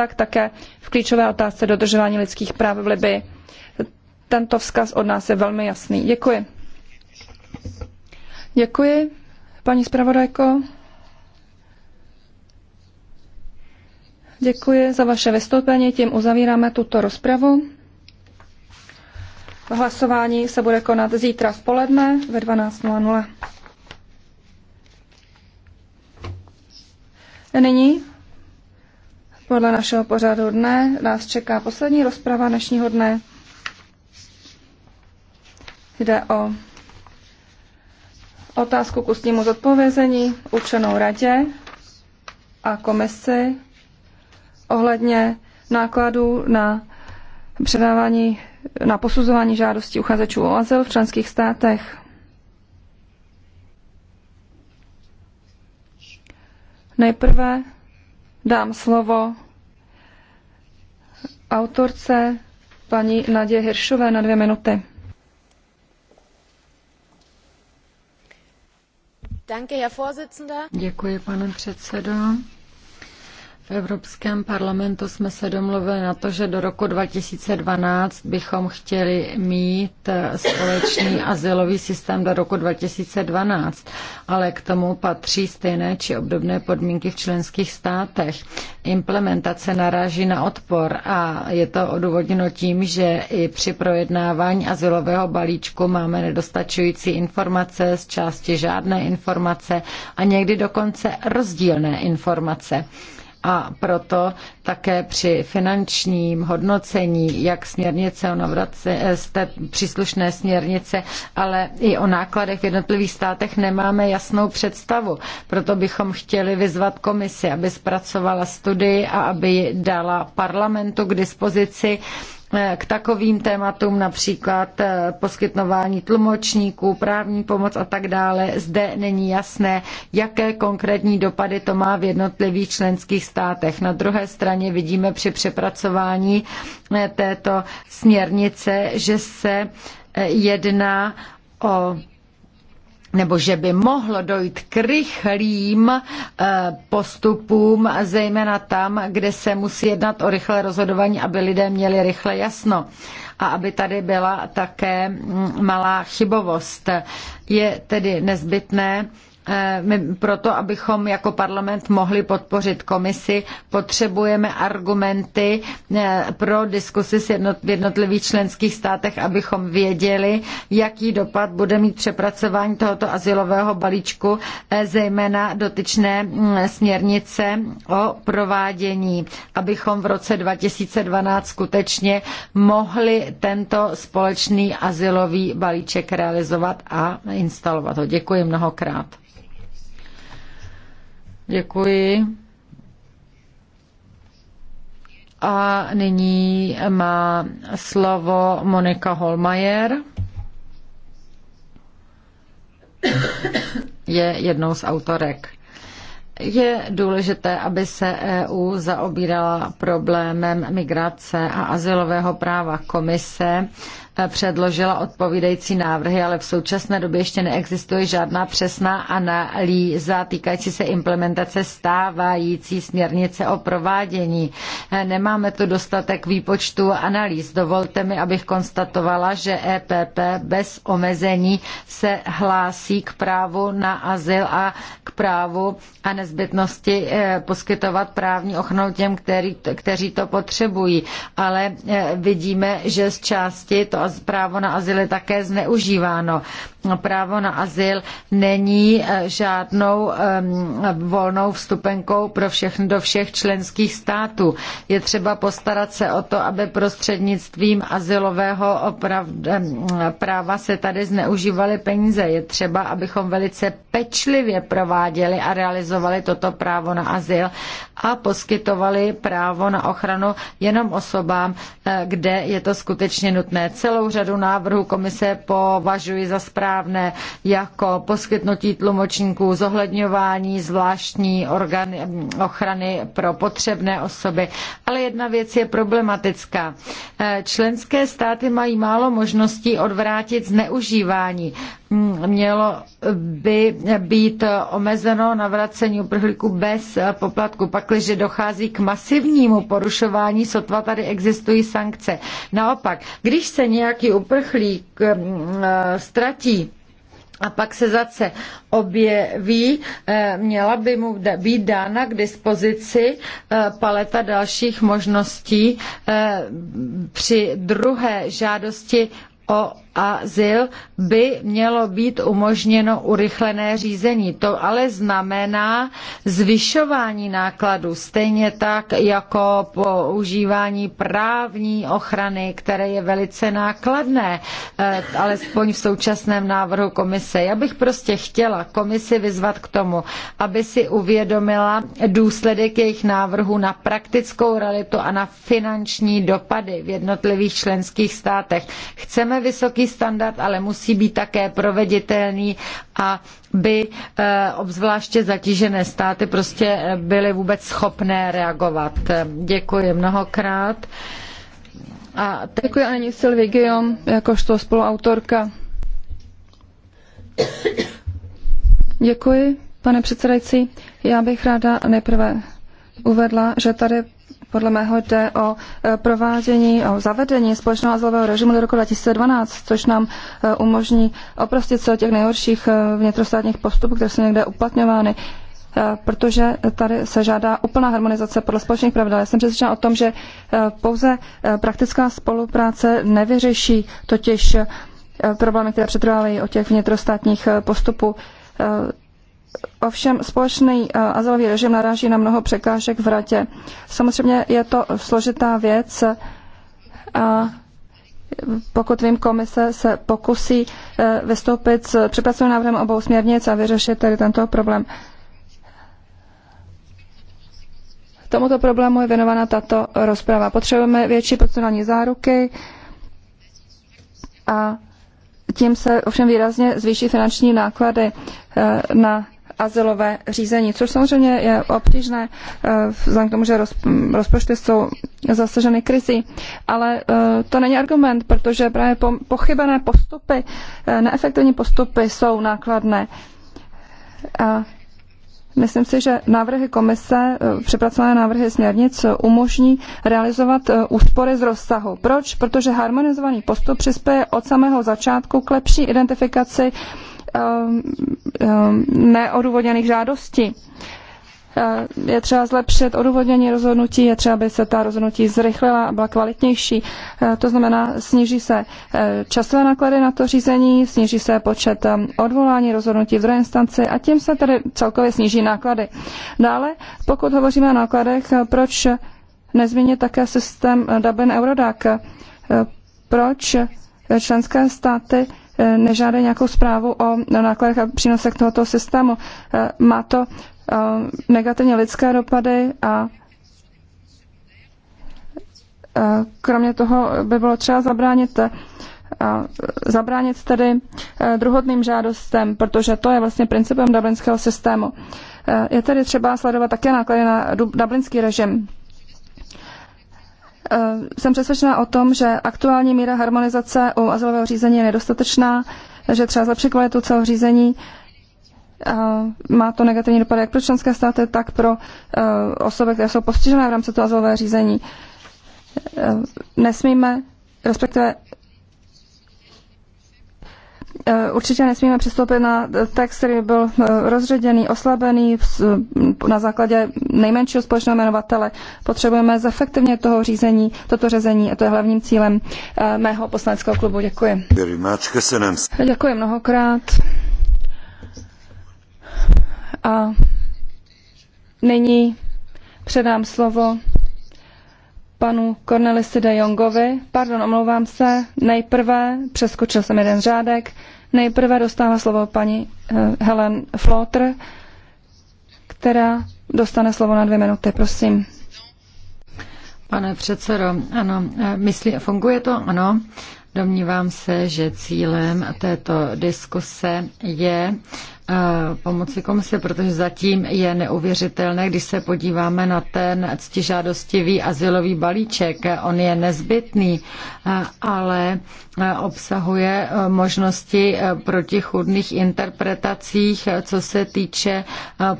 tak také v klíčové otázce dodržování lidských práv v Libii. Tento vzkaz od nás je velmi jasný. Děkuji. Děkuji, paní zpravodajko. Děkuji za vaše vystoupení. Tím uzavíráme tuto rozpravu. Hlasování se bude konat zítra v poledne ve 12.00. Nyní podle našeho pořadu dne nás čeká poslední rozprava dnešního dne. Jde o otázku k ústnímu zodpovězení učenou radě a komisi ohledně nákladů na předávání na posuzování žádostí uchazečů o azyl v členských státech. Nejprve dám slovo autorce paní Nadě Hiršové na dvě minuty. Děkuji, pane předsedo. V Evropském parlamentu jsme se domluvili na to, že do roku 2012 bychom chtěli mít eh, společný asilový systém do roku 2012, ale k tomu patří stejné či obdobné podmínky v členských státech. Implementace naráží na odpor a je to odůvodněno tím, že i při projednávání asilového balíčku máme nedostačující informace, z části žádné informace a někdy dokonce rozdílné informace a proto také při finančním hodnocení, jak směrnice o navrace, eh, příslušné směrnice, ale i o nákladech v jednotlivých státech nemáme jasnou představu. Proto bychom chtěli vyzvat komisi, aby zpracovala studii a aby ji dala parlamentu k dispozici Eh, k takovým tématům, například eh, poskytnování tlumočníků, právní pomoc a tak dále. Zde není jasné, jaké konkrétní dopady to má v jednotlivých členských státech. Na druhé straně vidíme při přepracování eh, této směrnice, že se jedná o nebo že by mohlo dojít k rychlým eh, postupům, zejména tam, kde se musí jednat o rychlé rozhodování, aby lidé měli rychle jasno a aby tady byla také mm, malá chybovost. Je tedy nezbytné, Eh, proto, abychom jako parlament mohli podpořit komisi, potřebujeme argumenty eh, pro diskusy v jednotlivých členských státech, abychom věděli, jaký dopad bude mít přepracování tohoto asilového balíčku, eh, zejména dotyčné mm, směrnice o provádění, abychom v roce 2012 skutečně mohli tento společný asilový balíček realizovat a instalovat ho. Děkuji mnohokrát. Děkuji. A nyní má slovo Monika Holmajer. Je jednou z autorek. Je důležité, aby se EU zaobírala problémem migrace a asilového práva komise předložila odpovídající návrhy, ale v současné době ještě neexistuje žádná přesná analýza týkající se implementace stávající směrnice o provádění. Nemáme tu dostatek výpočtu a analýz. Dovolte mi, abych konstatovala, že EPP bez omezení se hlásí k právu na azyl a k právu a nezbytnosti eh, poskytovat právní ochranu těm, který, kteří to potřebují. Ale eh, vidíme, že z části to právo na azyl je také zneužíváno. Právo na azyl není eh, žádnou volnou vstupenkou pro všechny do všech členských států. Je třeba postarat se o to, aby prostřednictvím azylového práva se tady zneužívaly peníze. Je třeba, abychom velice pečlivě prováděli a realizovali toto právo na azyl a poskytovali právo na ochranu jenom osobám, eh, kde je to skutečně nutné. Celou celou řadu návrhů komise považuji za správné, jako poskytnutí tlumočníků, zohledňování zvláštní orgány, ochrany pro potřebné osoby. Ale jedna věc je problematická. Eh, členské státy mají málo možností odvrátit zneužívání mělo by být omezeno navracení uprchlíků bez poplatku, pakliže dochází k masivnímu porušování, sotva tady existují sankce. Naopak, když se nějaký uprchlík mm, eh, ztratí, a pak se zase objeví, eh, měla by mu být dána k dispozici eh, paleta dalších možností při druhé žádosti o azyl by mělo být umožněno urychlené řízení. To ale znamená zvyšování nákladů, stejně tak jako používání právní ochrany, které je velice nákladné, eh, alespoň v současném návrhu komise. Já bych prostě chtěla komisi vyzvat k tomu, aby si uvědomila důsledek jejich návrhu na praktickou realitu a na finanční dopady v jednotlivých členských státech. Chceme vysoký vysoký standard, ale musí být také proveditelný a by eh, obzvláště zatížené státy prostě eh, byly vůbec schopné reagovat. Děkuji mnohokrát. A Děkuji Ani Silvi Guillaume, jakožto spoluautorka. Děkuji, pane předsedající. Já bych ráda nejprve uvedla, že tady podle mého jde o e, provádění, o zavedení společného azylového režimu do roku 2012, což nám e, umožní oprostit se od těch nejhorších e, vnitrostátních postupů, které jsou někde uplatňovány protože tady se žádá úplná harmonizace podle společných pravidel. Já jsem přesvědčena o tom, že pouze praktická spolupráce nevyřeší totiž problémy, které přetrvávají o těch vnitrostátních postupů Ovšem společný eh, azylový režim naráží na mnoho překážek v radě. Samozřejmě je to složitá věc a pokud vím, komise se pokusí eh, vystoupit s přepracovaným návrhem obou směrnic a vyřešit tedy tento problém. Tomuto problému je věnována tato rozprava. Potřebujeme větší personální záruky a tím se ovšem výrazně zvýší finanční náklady eh, na azylové řízení, což samozřejmě je obtížné, eh, vzhledem k tomu, že rozpočty jsou zasaženy krizí. Ale eh, to není argument, protože právě pochybené postupy, eh, neefektivní postupy jsou nákladné. A Myslím si, že návrhy komise, přepracované návrhy směrnic umožní realizovat úspory z rozsahu. Proč? Protože harmonizovaný postup přispěje od samého začátku k lepší identifikaci Um, um, neodůvodněných žádostí. Uh, je třeba zlepšit odůvodnění rozhodnutí, je třeba, aby se ta rozhodnutí zrychlila a byla kvalitnější. Uh, to znamená, sníží se uh, časové náklady na to řízení, sníží se počet um, odvolání rozhodnutí v druhé instanci a tím se tedy celkově sníží náklady. Dále, pokud hovoříme o nákladech, proč nezměnit také systém Dublin Eurodac? Proč členské státy E, nežádají nějakou zprávu o nákladech a přínosech tohoto systému. E, má to e, negativně lidské dopady a kromě toho by bylo třeba zabránit zabránit tedy druhotným žádostem, protože to je vlastně principem dublinského systému. Je tedy třeba sledovat také náklady na dublinský režim. Eh, jsem přesvědčena o tom, že aktuální míra harmonizace u azylového řízení je nedostatečná, že třeba zlepší kvalitu celého řízení. Má to negativní dopady jak pro členské státy, tak pro eh, osoby, které jsou postižené v rámci toho azylového řízení. Eh, nesmíme, respektive Eh, určitě nesmíme přistoupit na text, který byl eh, rozředěný, oslabený eh, na základě nejmenšího společného jmenovatele. Potřebujeme zefektivně toho řízení, toto řezení a to je hlavním cílem mého poslaneckého klubu. Děkuji. Děkuji mnohokrát. A nyní předám slovo panu Cornelisi de Jongovi. Pardon, omlouvám se. Nejprve, přeskočil jsem jeden řádek, nejprve dostává slovo paní eh, Helen Flotter, která dostane slovo na dvě minuty, prosím. Pane předsedo, ano, eh, myslí, funguje to? Ano. Domnívám se, že cílem této diskuse je eh, pomoci komise, protože zatím je neuvěřitelné, když se podíváme na ten ctižádostivý asilový balíček. On je nezbytný, eh, ale eh, obsahuje možnosti protichudných interpretacích, co se týče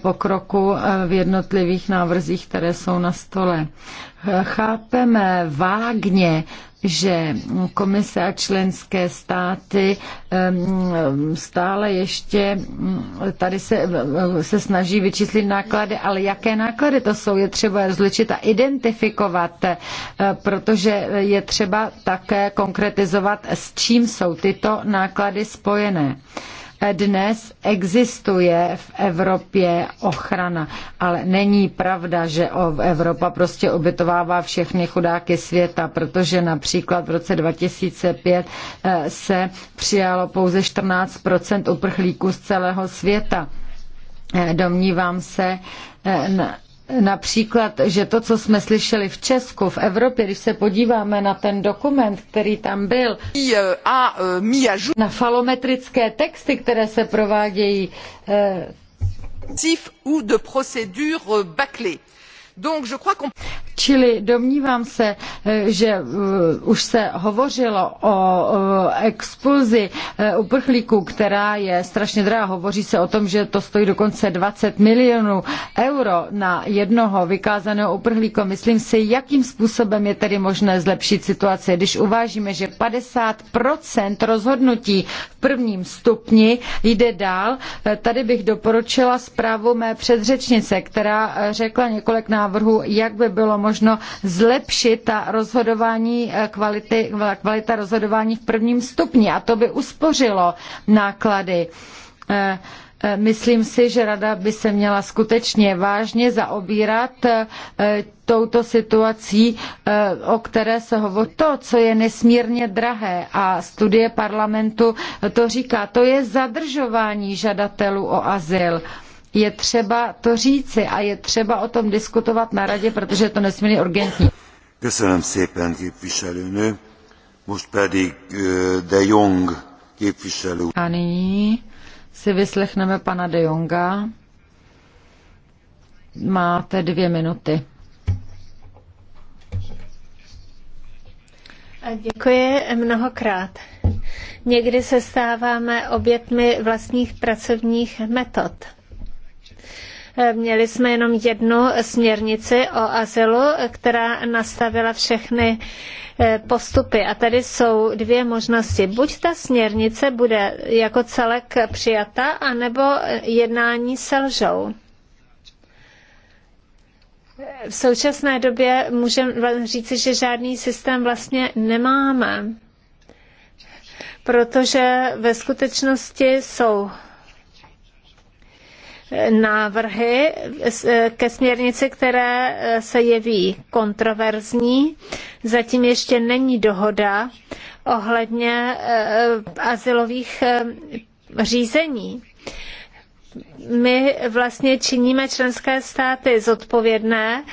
pokroku v jednotlivých návrzích, které jsou na stole. Chápeme vágně že komise a členské státy stále ještě tady se, se snaží vyčíslit náklady, ale jaké náklady to jsou, je třeba rozličit a identifikovat, eh, protože je třeba také konkretizovat, s čím jsou tyto náklady spojené. Dnes existuje v Evropě ochrana, ale není pravda, že Evropa prostě obytovává všechny chudáky světa, protože například v roce 2005 eh, se přijalo pouze 14 uprchlíků z celého světa. Eh, domnívám se, eh, Například, že to, co jsme slyšeli v Česku, v Evropě, když se podíváme na ten dokument, který tam byl, eh, eh, na falometrické texty, které se provádějí, eh, ou de procédures bâclées Čili domnívám se, eh, že eh, už se hovořilo o expulzi eh, uprchlíků, která je strašně drahá. Hovoří se o tom, že to stojí dokonce 20 milionů euro na jednoho vykázaného uprchlíka. Myslím si, jakým způsobem je tedy možné zlepšit situaci, když uvážíme, že 50% rozhodnutí v prvním stupni jde dál. Tady bych doporučila zprávu mé předřečnice, která řekla několik návrhů návrhů, jak by bylo možno zlepšit ta rozhodování eh, kvality, kvalita rozhodování v prvním stupni a to by uspořilo náklady. Eh, eh, myslím si, že rada by se měla skutečně vážně zaobírat touto situací, o které se hovoří. To, co je nesmírně drahé a studie parlamentu to říká, to je zadržování žadatelů o azyl je třeba to říci a je třeba o tom diskutovat na radě, protože je to nesmírně urgentní. Köszönöm szépen, képviselőnő. Most pedig eh, De Jong képviselő. A nyní si vyslechneme pana De Jonga. Máte dvě minuty. A děkuji mnohokrát. Někdy se stáváme obětmi vlastních pracovních metod. Měli jsme jenom jednu směrnici o azylu, která nastavila všechny eh, postupy. A tady jsou dvě možnosti. Buď ta směrnice bude jako celek přijata, anebo jednání selžou. V současné době můžeme říci, že žádný systém vlastně nemáme, protože ve skutečnosti jsou návrhy ke směrnici, které eh, se jeví kontroverzní. Zatím ještě není dohoda ohledně eh, eh, azylových řízení my vlastně činíme členské státy zodpovědné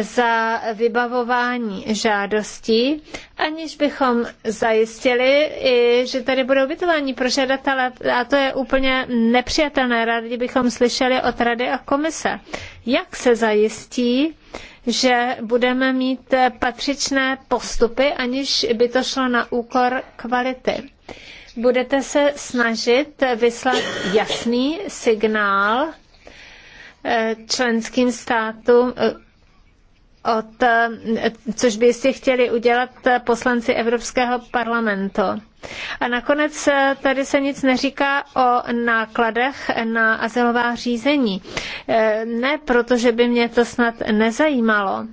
za vybavování žádostí, aniž bychom zajistili, i, že tady budou ubytování pro žadatele. A to je úplně nepřijatelné. Rádi bychom slyšeli od Rady a komise. Jak se zajistí, že budeme mít patřičné postupy, aniž by to šlo na úkor kvality? budete se snažit vyslat jasný signál eh, členským státům, eh, od, eh, což by jistě chtěli udělat poslanci Evropského parlamentu. A nakonec tady se nic neříká o nákladech na azylová řízení. Ne protože by mě to snad nezajímalo,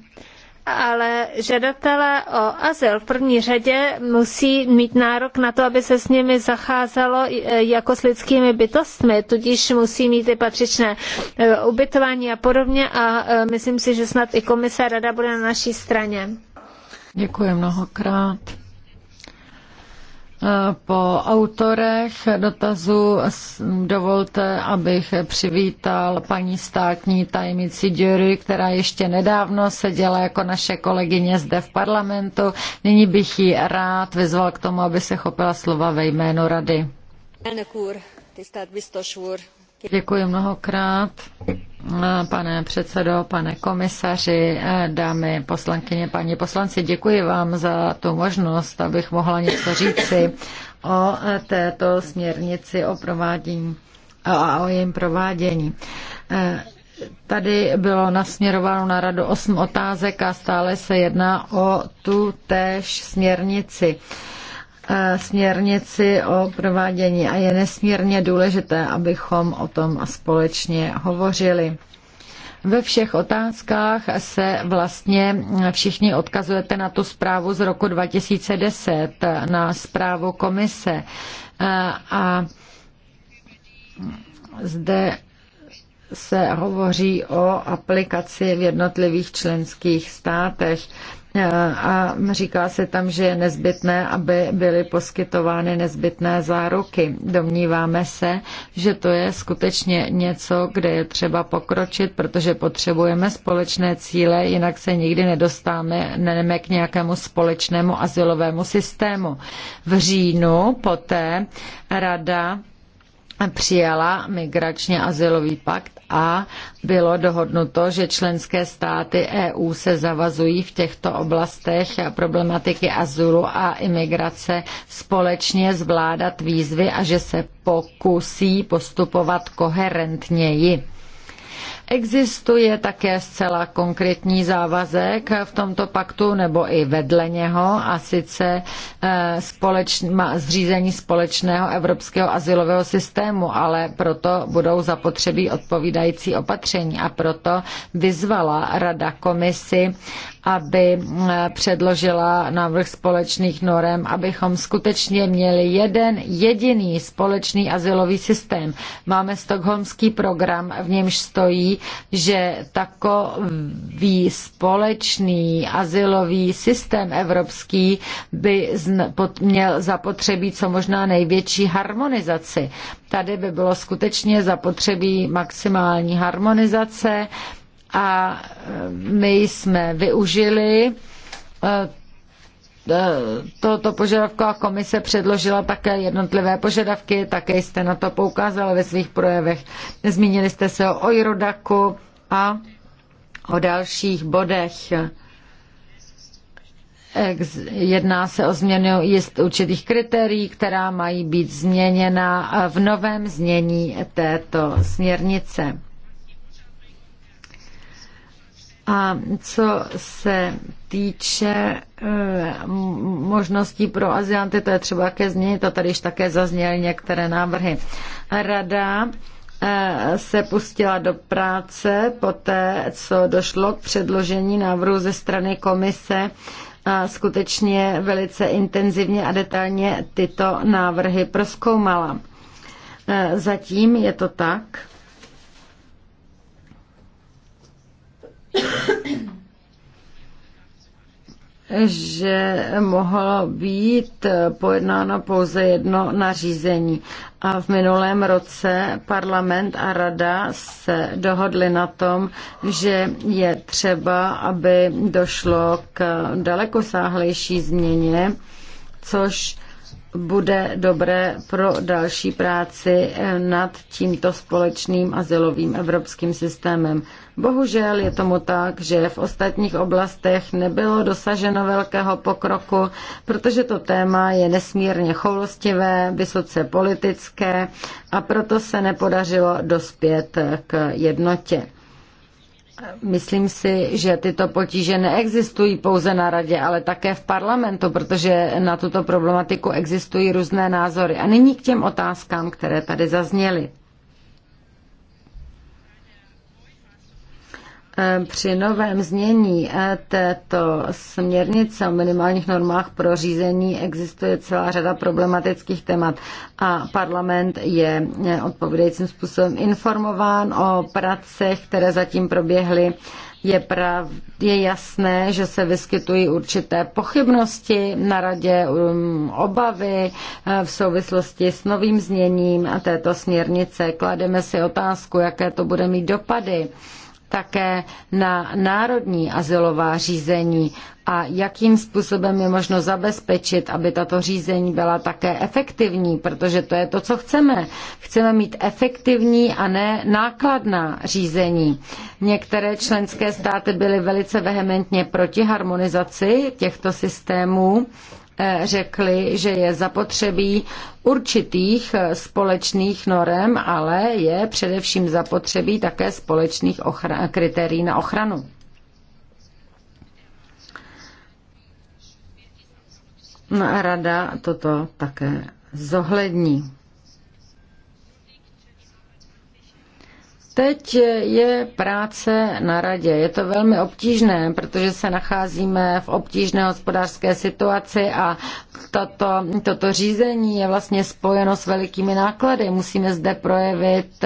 ale žadatelé o azyl v první řadě musí mít nárok na to, aby se s nimi zacházelo e, jako s lidskými bytostmi, tudíž musí mít i patřičné e, ubytování a podobně a e, myslím si, že snad i komise rada bude na naší straně. Děkuji mnohokrát. Po autorech dotazu dovolte, abych přivítal paní státní tajemnici Dury, která ještě nedávno seděla jako naše kolegyně zde v parlamentu. Nyní bych ji rád vyzval k tomu, aby se chopila slova ve jménu rady. Děkuji mnohokrát. Pane předsedo, pane komisaři, dámy poslankyně, paní poslanci, děkuji vám za tu možnost, abych mohla něco říci o této směrnici o provádění a o jejím provádění. Tady bylo nasměrováno na radu osm otázek a stále se jedná o tu též směrnici. Eh, směrnici o provádění a je nesmírně důležité, abychom o tom společně hovořili. Ve všech otázkách se vlastně všichni odkazujete na tu zprávu z roku 2010, na zprávu komise. Eh, a zde se hovoří o aplikaci v jednotlivých členských státech. Eh, a říká se tam, že je nezbytné, aby byly poskytovány nezbytné záruky. Domníváme se, že to je skutečně něco, kde je třeba pokročit, protože potřebujeme společné cíle, jinak se nikdy nedostáme k nějakému společnému asilovému systému. V říjnu poté rada přijala migračně asilový pakt a bylo dohodnuto, že členské státy EU se zavazují v těchto oblastech a problematiky azulu a imigrace společně zvládat výzvy a že se pokusí postupovat koherentněji. Existuje také zcela konkrétní závazek v tomto paktu nebo i vedle něho a sice eh, zřízení společného evropského asilového systému, ale proto budou zapotřebí odpovídající opatření a proto vyzvala Rada komisi, aby eh, předložila návrh společných norem, abychom skutečně měli jeden jediný společný asilový systém. Máme stokholmský program, v němž stojí, že takový společný asilový systém evropský by měl zapotřebí co možná největší harmonizaci. Tady by bylo skutečně zapotřebí maximální harmonizace, a eh, my jsme využili eh, eh, tohoto požadavku a komise předložila také jednotlivé požadavky, také jste na to poukázali ve svých projevech. Zmínili jste se o Ojrodaku a o dalších bodech. Jedná se o změnu jist určitých kritérií, která mají být změněna v novém znění této směrnice. A co se týče eh, možností pro azianty, to je třeba ke změnit a tady již také zazněly některé návrhy. Rada eh, se pustila do práce poté, co došlo k předložení návrhu ze strany komise a skutečně velice intenzivně a detailně tyto návrhy proskoumala. Eh, zatím je to tak, že mohlo být pojednáno pouze jedno nařízení. A v minulém roce parlament a rada se dohodli na tom, že je třeba, aby došlo k dalekosáhlejší změně, což bude dobré pro další práci eh, nad tímto společným asilovým evropským systémem. Bohužel je tomu tak, že v ostatních oblastech nebylo dosaženo velkého pokroku, protože to téma je nesmírně choulostivé, vysoce politické a proto se nepodařilo dospět k jednotě. Myslím si, že tyto potíže neexistují pouze na radě, ale také v parlamentu, protože na tuto problematiku existují různé názory. A nyní k těm otázkám, které tady zazněly. Eh, při novém znění eh, této směrnice o minimálních normách pro řízení existuje celá řada problematických témat a parlament je eh, odpovídajícím způsobem informován o pracech, které zatím proběhly je, prav, je jasné, že se vyskytují určité pochybnosti na radě, um, obavy v souvislosti s novým zněním této směrnice. Klademe si otázku, jaké to bude mít dopady také na národní azylová řízení a jakým způsobem je možno zabezpečit, aby tato řízení byla také efektivní, protože to je to, co chceme. Chceme mít efektivní a ne nákladná řízení. Některé členské státy byly velice vehementně proti harmonizaci těchto systémů Eh, řekli, že je zapotřebí určitých eh, společných norem, ale je především zapotřebí také společných ochra- kritérií na ochranu. No rada toto také zohlední. Teď je práce na radě. Je to velmi obtížné, protože se nacházíme v obtížné hospodářské situaci a toto, toto řízení je vlastně spojeno s velikými náklady. Musíme zde projevit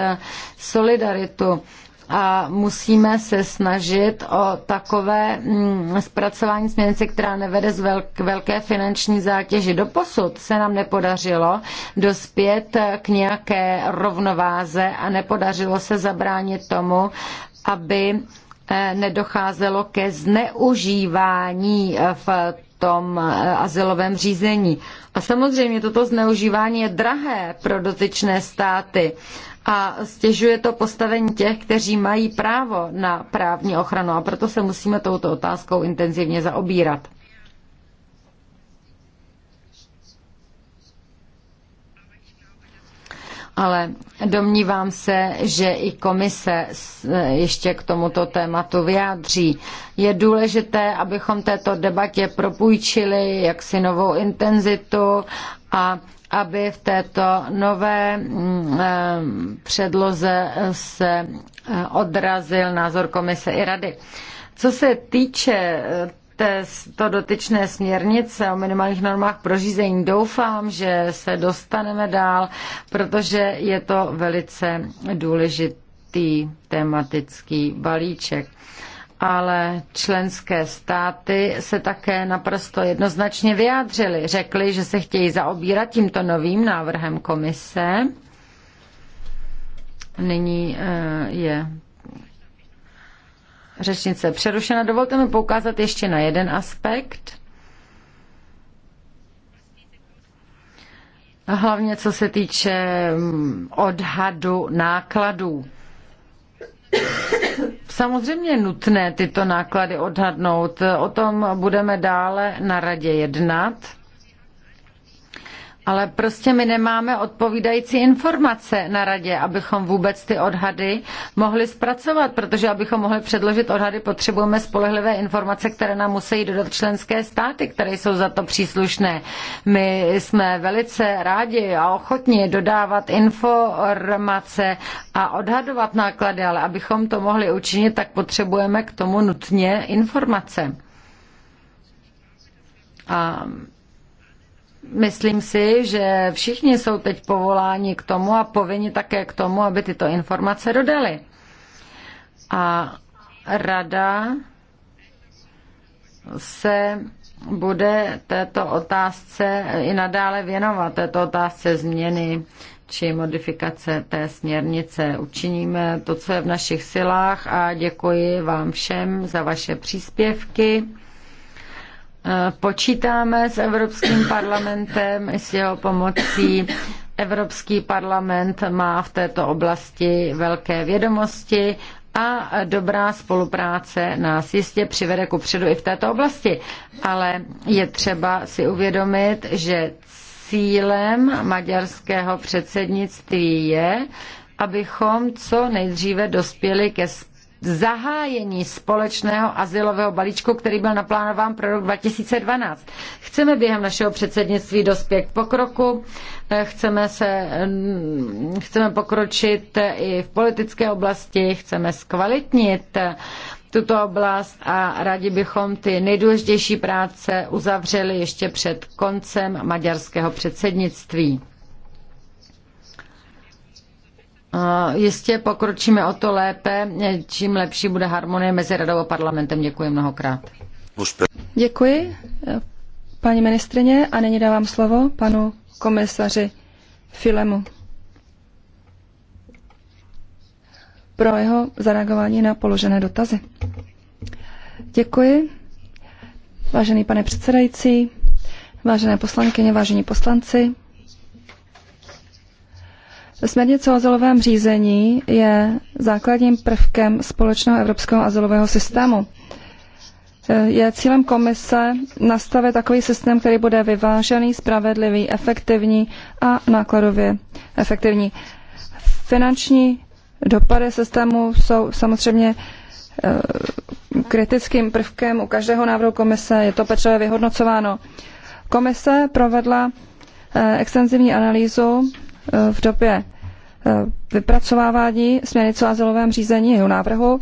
solidaritu a musíme se snažit o takové mm, zpracování směrnice, která nevede z velk, velké finanční zátěži. Doposud se nám nepodařilo dospět k nějaké rovnováze a nepodařilo se zabránit tomu, aby eh, nedocházelo ke zneužívání eh, v tom eh, azylovém řízení. A samozřejmě toto zneužívání je drahé pro dotyčné státy a stěžuje to postavení těch, kteří mají právo na právní ochranu a proto se musíme touto otázkou intenzivně zaobírat. ale domnívám se, že i komise e, ještě k tomuto tématu vyjádří. Je důležité, abychom této debatě propůjčili jaksi novou intenzitu a aby v této nové mm, e, předloze se e, odrazil názor komise i rady. Co se týče té, to dotyčné směrnice o minimálních normách pro řízení. Doufám, že se dostaneme dál, protože je to velice důležitý tematický balíček. Ale členské státy se také naprosto jednoznačně vyjádřily. Řekli, že se chtějí zaobírat tímto novým návrhem komise. Nyní eh, je Řečnice přerušena. Dovolte mi poukázat ještě na jeden aspekt. Hlavně co se týče mm, odhadu nákladů. Samozřejmě je nutné tyto náklady odhadnout. O tom budeme dále na radě jednat. Ale prostě my nemáme odpovídající informace na radě, abychom vůbec ty odhady mohli zpracovat, protože abychom mohli předložit odhady, potřebujeme spolehlivé informace, které nám musí dodat členské státy, které jsou za to příslušné. My jsme velice rádi a ochotni dodávat informace a odhadovat náklady, ale abychom to mohli učinit, tak potřebujeme k tomu nutně informace. A Myslím si, že všichni jsou teď povoláni k tomu a povinni také k tomu, aby tyto informace dodali. A rada se bude této otázce i nadále věnovat, této otázce změny či modifikace té směrnice. Učiníme to, co je v našich silách a děkuji vám všem za vaše příspěvky. Eh, počítáme s Evropským parlamentem, s jeho pomocí. Evropský parlament má v této oblasti velké vědomosti a dobrá spolupráce nás jistě přivede ku předu i v této oblasti. Ale je třeba si uvědomit, že cílem maďarského předsednictví je, abychom co nejdříve dospěli ke spolupráci zahájení společného asilového balíčku, který byl naplánován pro rok 2012. Chceme během našeho předsednictví dospět k pokroku, eh, chceme, se, mm, chceme pokročit eh, i v politické oblasti, chceme zkvalitnit eh, tuto oblast a rádi bychom ty nejdůležitější práce uzavřeli ještě před koncem maďarského předsednictví. Jistě pokročíme o to lépe, čím lepší bude harmonie mezi radou a parlamentem. Děkuji mnohokrát. Děkuji, paní ministrině, a nyní dávám slovo panu komisaři Filemu pro jeho zareagování na položené dotazy. Děkuji. Vážený pane předsedající, vážené poslankyně, vážení poslanci, Směrnice o azylovém řízení je základním prvkem společného evropského azylového systému. Je cílem komise nastavit takový systém, který bude vyvážený, spravedlivý, efektivní a nákladově efektivní. Finanční dopady systému jsou samozřejmě eh, kritickým prvkem u každého návrhu komise, je to pečlivě vyhodnocováno. Komise provedla eh, extenzivní analýzu Eh, v době eh, vypracovávání směrnice o azylovém řízení jeho návrhu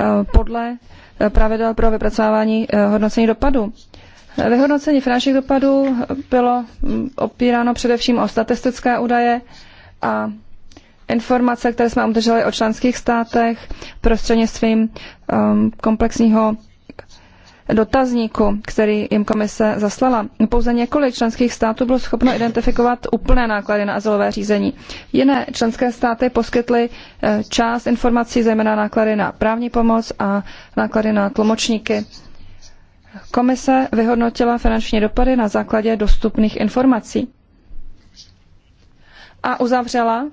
eh, podle pravidel pro vypracovávání hodnocení dopadu. Vyhodnocení finančních dopadů bylo mm, opíráno především o statistické údaje a informace, které jsme obdrželi o členských státech prostřednictvím ehm, komplexního dotazníku, který jim komise zaslala. Pouze několik členských států bylo schopno identifikovat úplné náklady na azylové řízení. Jiné členské státy poskytly eh, část informací, zejména náklady na právní pomoc a náklady na tlumočníky. Komise vyhodnotila finanční dopady na základě dostupných informací a uzavřela,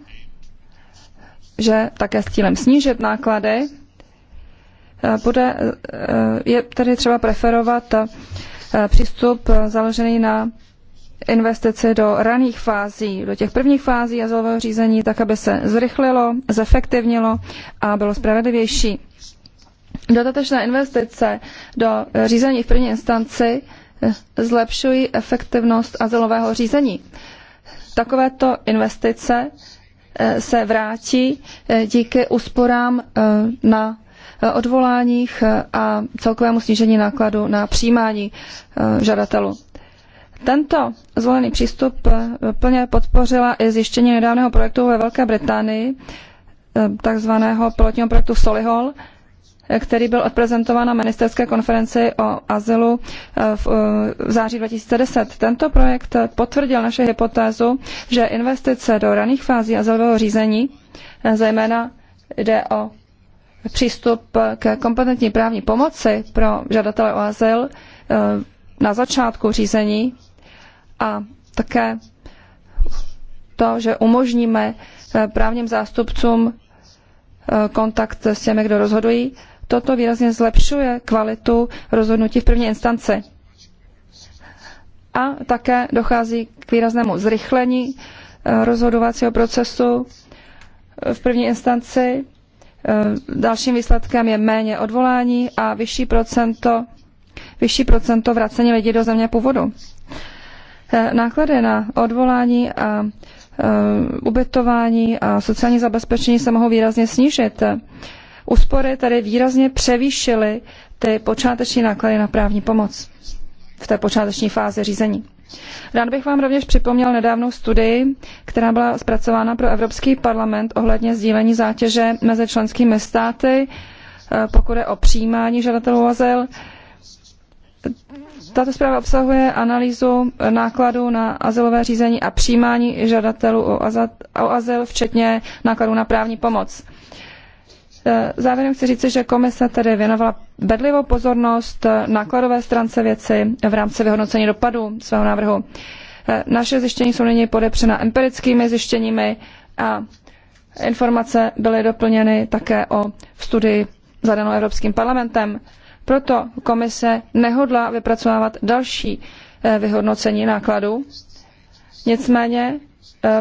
že také s cílem snížit náklady Eh, bude, eh, je tedy třeba preferovat eh, přístup založený na investici do raných fází, do těch prvních fází azylového řízení, tak aby se zrychlilo, zefektivnilo a bylo spravedlivější. Dodatečné investice do řízení v první instanci zlepšují efektivnost azylového řízení. Takovéto investice se vrátí díky úsporám na Eh, odvoláních eh, a celkovému snížení nákladu na přijímání eh, žadatelů. Tento zvolený přístup plně podpořila i zjištění nedávného projektu ve Velké Británii, takzvaného pilotního projektu Solihull, který byl odprezentován na ministerské konferenci o azylu v září 2010. Tento projekt potvrdil naše hypotézu, že investice do raných fází azylového řízení, zejména jde o přístup k kompetentní právní pomoci pro žadatele o azyl eh, na začátku řízení a také to, že umožníme eh, právním zástupcům eh, kontakt s těmi, kdo rozhodují, toto výrazně zlepšuje kvalitu rozhodnutí v první instanci. A také dochází k výraznému zrychlení rozhodovacího procesu v první instanci Eh, dalším výsledkem je méně odvolání a vyšší procento, vyšší procento vracení lidí do země původu. Eh, náklady na odvolání a eh, ubytování a sociální zabezpečení se mohou výrazně snížit. Úspory tady výrazně převýšily ty počáteční náklady na právní pomoc v té počáteční fázi řízení. Rád bych vám rovněž připomněl nedávnou studii, která byla zpracována pro Evropský parlament ohledně sdílení zátěže mezi členskými státy, eh, pokud je o přijímání žadatelů azyl. Tato zpráva obsahuje analýzu nákladů na azylové řízení a přijímání žadatelů o azyl, včetně nákladů na právní pomoc. Eh, závěrem chci říci, že komise tedy věnovala bedlivou pozornost eh, nákladové stránce věci v rámci vyhodnocení dopadů svého návrhu. Eh, naše zjištění jsou nyní podepřena empirickými zjištěními a informace byly doplněny také o studii zadanou Evropským parlamentem. Proto komise nehodla vypracovávat další vyhodnocení nákladů. Nicméně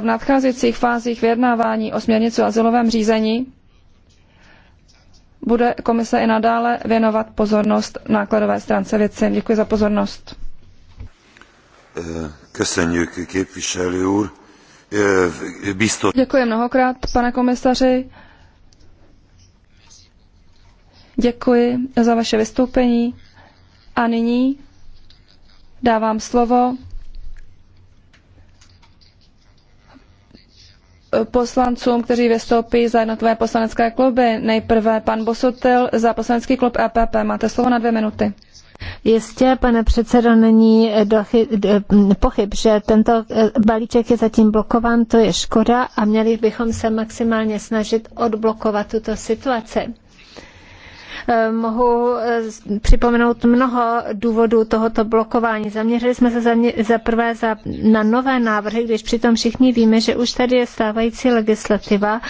v nadcházejících fázích vyjednávání o směrnici o azylovém řízení bude komise i nadále věnovat pozornost nákladové stránce věci. Děkuji za pozornost. Děkuji mnohokrát, pane komisaři. Děkuji za vaše vystoupení. A nyní dávám slovo poslancům, kteří vystoupí za jednotlivé poslanecké kluby. Nejprve pan Bosutil za poslanecký klub EPP. Máte slovo na dvě minuty. Jistě, pane předsedo, není eh, dochy, eh, pochyb, že tento eh, balíček je zatím blokován, to je škoda a měli bychom se maximálně snažit odblokovat tuto situaci. Eh, mohu eh, připomenout mnoho důvodů tohoto blokování. Zaměřili jsme se za prvé na nové návrhy, když přitom všichni víme, že už tady je stávající legislativa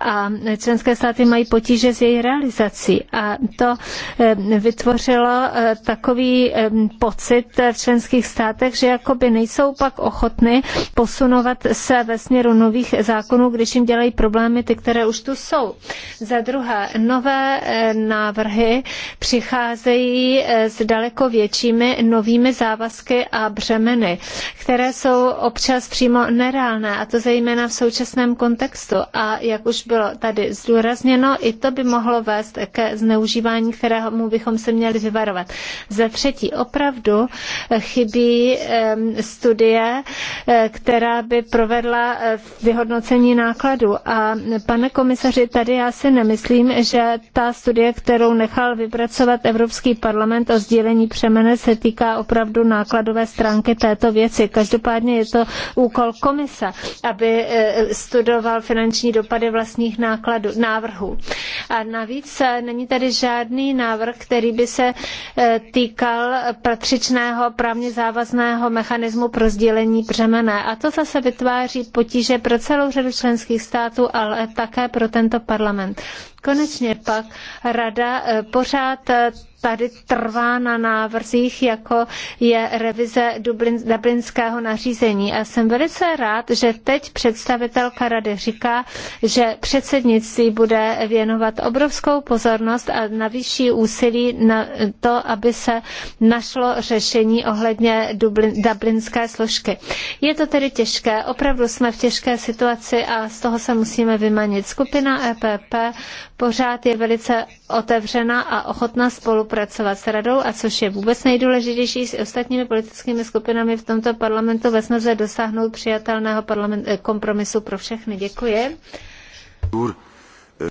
a členské státy mají potíže s její realizací. A to eh, vytvořilo takový pocit v členských státech, že jakoby nejsou pak ochotny posunovat se ve směru nových zákonů, když jim dělají problémy ty, které už tu jsou. Za druhé, nové návrhy návrhy přicházejí eh, s daleko většími novými závazky a břemeny, které jsou občas přímo nereálné, a to zejména v současném kontextu. A jak už bylo tady zdůrazněno, i to by mohlo vést ke zneužívání, kterému bychom se měli vyvarovat. Za třetí, opravdu eh, chybí studie, eh, která by provedla vyhodnocení nákladů. A pane komisaři, tady já si nemyslím, že ta studie, kterou kterou nechal vypracovat Evropský parlament o sdílení přemene, se týká opravdu nákladové stránky této věci. Každopádně je to úkol komise, aby e, studoval finanční dopady vlastních nákladů, návrhů. A navíc e, není tady žádný návrh, který by se e, týkal patřičného právně závazného mechanismu pro sdílení břemene. A to zase vytváří potíže pro celou řadu členských států, ale také pro tento parlament konečně pak rada eh, pořád eh, tady trvá na návrzích, jako je revize Dublin, dublinského nařízení. A jsem velice rád, že teď představitelka rady říká, že předsednictví bude věnovat obrovskou pozornost a navýší úsilí na to, aby se našlo řešení ohledně Dublin, dublinské složky. Je to tedy těžké, opravdu jsme v těžké situaci a z toho se musíme vymanit. Skupina EPP pořád je velice otevřena a ochotná spolupracovat s radou a což je vůbec nejdůležitější s ostatními politickými skupinami v tomto parlamentu ve snaze dosáhnout přijatelného eh, kompromisu pro všechny. Děkuji.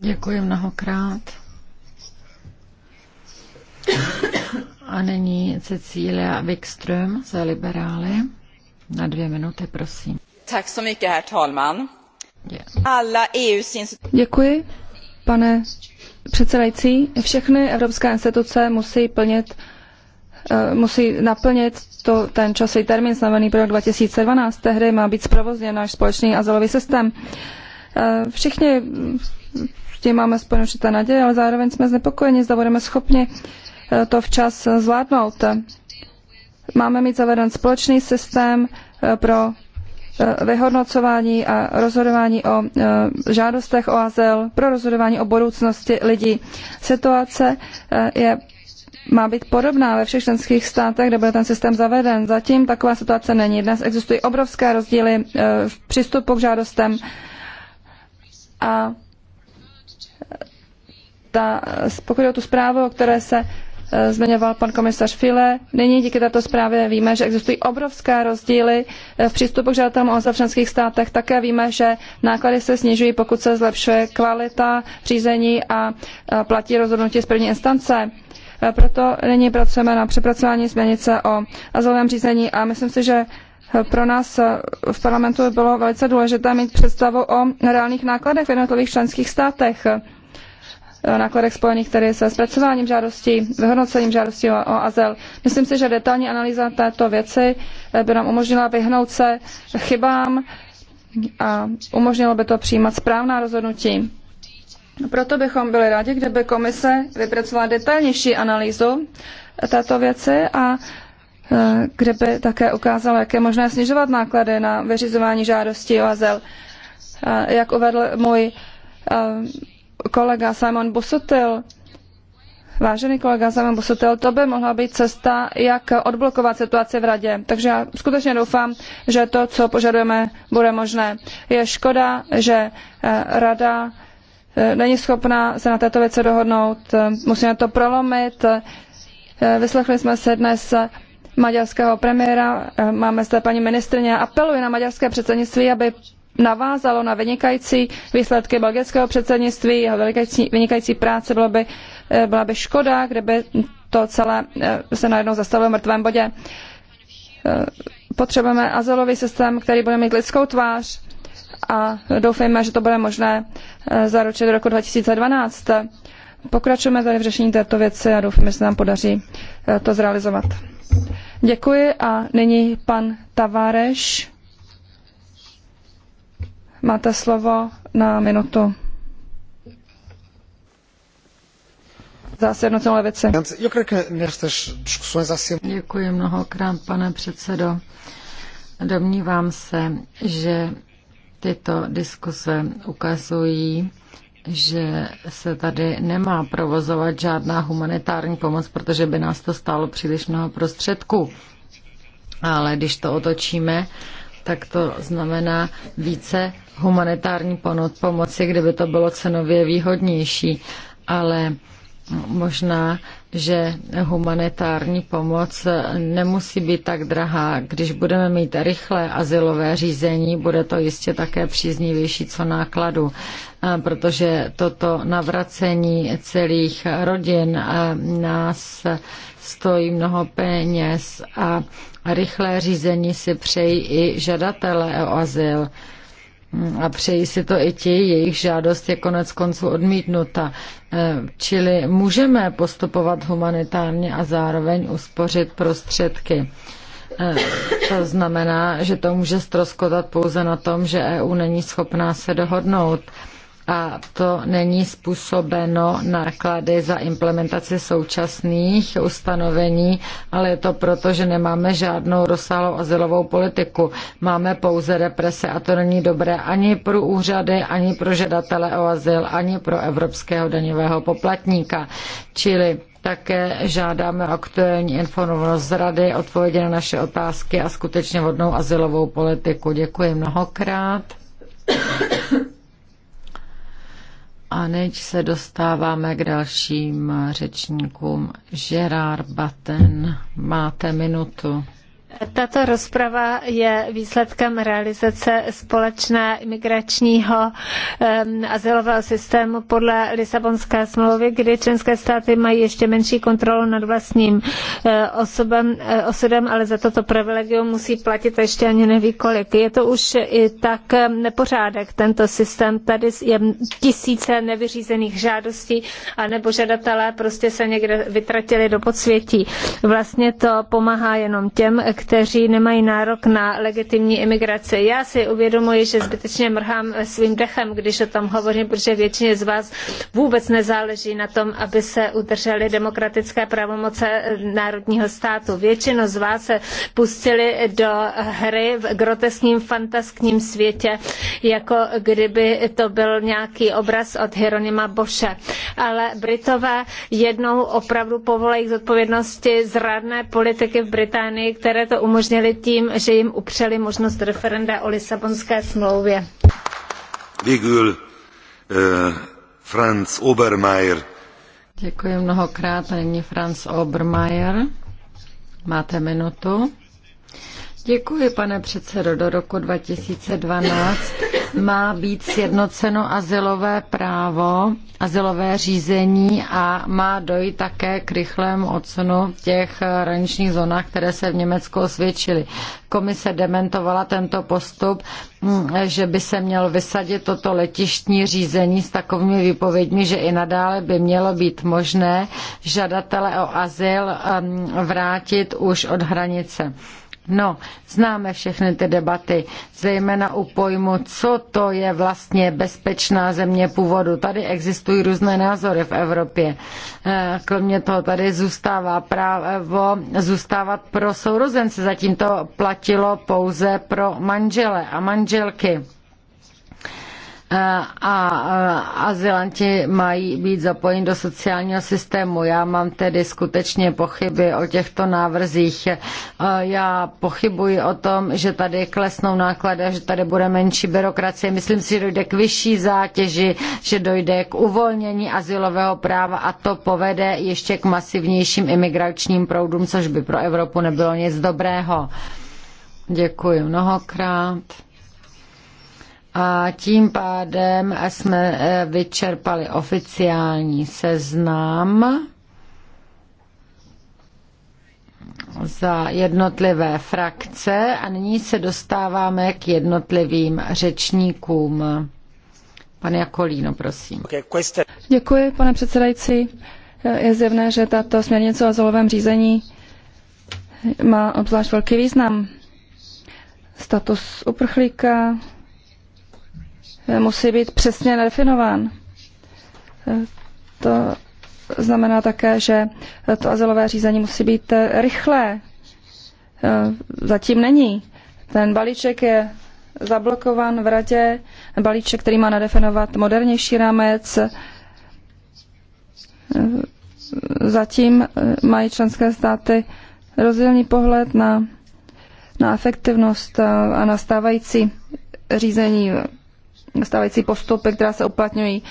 Děkuji mnohokrát. A nyní Cecília Wikström za liberály. Na dvě minuty, prosím. Tak so mycket, herr talman. E Děkuji, pane předsedající, všechny evropské instituce musí plnit eh, musí naplnit to, ten časový termín stanovený pro rok 2012. Tehdy má být zprovozněn náš společný azylový systém. Eh, všichni s tím máme spojenou určité naděje, ale zároveň jsme znepokojeni, zda budeme schopni eh, to včas zvládnout. Máme mít zaveden společný systém pro Eh, vyhodnocování a rozhodování o eh, žádostech o azyl, pro rozhodování o budoucnosti lidí. Situace eh, je má být podobná ve všech členských státech, kde bude ten systém zaveden. Zatím taková situace není. Dnes existují obrovské rozdíly v přístupu k žádostem a ta, pokud je o tu zprávu, o které se Eh, zmiňoval pan komisař File. Nyní díky této zprávě víme, že existují obrovské rozdíly eh, v přístupu k žadatelům o azyl v členských státech. Také víme, že náklady se snižují, pokud se zlepšuje kvalita řízení a platí rozhodnutí z první instance. Eh, proto nyní pracujeme na přepracování směrnice o azylovém řízení a myslím si, že pro nás v parlamentu by bylo velice důležité mít představu o reálných nákladech v jednotlivých členských státech. Eh, nákladech spojených tedy se zpracováním žádostí, vyhodnocením žádostí o, o azyl. Myslím si, že detailní analýza této věci eh, by nám umožnila vyhnout se chybám a umožnilo by to přijímat správná rozhodnutí. Proto bychom byli rádi, kdyby komise vypracovala detailnější analýzu této věci a eh, kdyby také ukázalo, jak je možné snižovat náklady na vyřizování žádostí o azyl. Jak uvedl můj kolega Simon Busutil. Vážený kolega Simon Busutil, to by mohla být cesta, jak odblokovat situaci v radě. Takže já skutečně doufám, že to, co požadujeme, bude možné. Je škoda, že eh, rada eh, není schopna se na této věci dohodnout. Eh, musíme to prolomit. Vyslechli jsme se dnes maďarského premiéra, máme zde paní ministrině. Apeluji na maďarské předsednictví, aby navázalo na vynikající výsledky belgického předsednictví, jeho vynikající, vynikající práce, bylo by, eh, byla by škoda, kdyby to celé eh, se najednou zastavilo v mrtvém bodě. Eh, potřebujeme azylový systém, který bude mít lidskou tvář a doufejme, že to bude možné zaručit do roku 2012. Pokračujeme tady v řešení této věci a doufám, že se nám podaří to zrealizovat. Děkuji a nyní pan Tavareš Máte slovo na minutu. Děkuji mnohokrát, pane předsedo. Domnívám se, že tyto diskuse ukazují, že se tady nemá provozovat žádná humanitární pomoc, protože by nás to stálo příliš mnoho prostředků. Ale když to otočíme, tak to znamená více humanitární pomoci, kdyby to bylo cenově výhodnější, ale možná, že humanitární pomoc nemusí být tak drahá. Když budeme mít rychlé asilové řízení, bude to jistě také příznivější co nákladu, protože toto navracení celých rodin nás stojí mnoho peněz a rychlé řízení si přejí i žadatelé o azyl a přejí si to i ti, jejich žádost je konec konců odmítnuta. E, čili můžeme postupovat humanitárně a zároveň uspořit prostředky. E, to znamená, že to může stroskotat pouze na tom, že EU není schopná se dohodnout a to není způsobeno náklady za implementaci současných ustanovení, ale je to proto, že nemáme žádnou rozsáhlou azylovou politiku. Máme pouze represe a to není dobré ani pro úřady, ani pro žadatele o azyl, ani pro evropského daňového poplatníka. Čili také žádáme aktuální informovanost z Rady, odpovědi na naše otázky a skutečně hodnou azylovou politiku. Děkuji mnohokrát. A než se dostáváme k dalším řečníkům, Gerard Batten, máte minutu. Tato rozprava je výsledkem realizace společné imigračního um, azylového systému podle Lisabonské smlouvy, kdy členské státy mají ještě menší kontrolu nad vlastním e, osobem, e, osudem, ale za toto privilegium musí platit a ještě ani neví kolik. Je to už i tak e, nepořádek tento systém. Tady je tisíce nevyřízených žádostí a žadatelé prostě se někde vytratili do podsvětí. Vlastně to pomáhá jenom těm, kteří nemají nárok na legitimní imigraci. Já si uvědomuji, že zbytečně mrhám svým dechem, když o tom hovořím, protože většině z vás vůbec nezáleží na tom, aby se udržely demokratické pravomoce národního státu. Většina z vás se pustili do hry v groteskním fantaskním světě, jako kdyby to byl nějaký obraz od Hieronyma Boše. Ale Britové jednou opravdu povolají k zodpovědnosti zradné politiky v Británii, které to umožnili tím, že jim upřeli možnost referenda o Lisabonské smlouvě. Vigül, eh, Franz Obermeier. Děkuji mnohokrát, není Franz Obermeier. Máte minutu. Děkuji, pane předsedo. Do roku 2012 má být sjednoceno azylové právo, azylové řízení a má dojít také k rychlému odsunu v těch eh, hraničních zónách, které se v Německu osvědčily. Komise dementovala tento postup, mm, eh, že by se měl vysadit toto letištní řízení s takovými výpověďmi, že i nadále by mělo být možné žadatele o azyl ehm, vrátit už od hranice. No, známe všechny ty debaty, zejména u pojmu, co to je vlastně bezpečná země původu. Tady existují různé názory v Evropě. Eh, kromě toho tady zůstává právo zůstávat pro sourozence. Zatím to platilo pouze pro manžele a manželky. Eh, a eh, azylanti mají být zapojeni do sociálního systému. Já mám tedy skutečně pochyby o těchto návrzích. Eh, já pochybuji o tom, že tady klesnou náklady, že tady bude menší byrokracie. Myslím si, že dojde k vyšší zátěži, že dojde k uvolnění azylového práva a to povede ještě k masivnějším imigračním proudům, což by pro Evropu nebylo nic dobrého. Děkuji mnohokrát. A tím pádem jsme eh, vyčerpali oficiální seznam za jednotlivé frakce a nyní se dostáváme k jednotlivým řečníkům. Pane Jakolíno, prosím. Děkuji, pane předsedající. Je zjevné, že tato směrnice o azylovém řízení má obzvlášť velký význam. Status uprchlíka, musí být přesně nadefinován. To znamená také, že to azylové řízení musí být rychlé. Zatím není. Ten balíček je zablokovan v radě, balíček, který má nadefinovat modernější rámec. Zatím mají členské státy rozdílný pohled na, na efektivnost a na stávající řízení stávající postupy, která se uplatňují.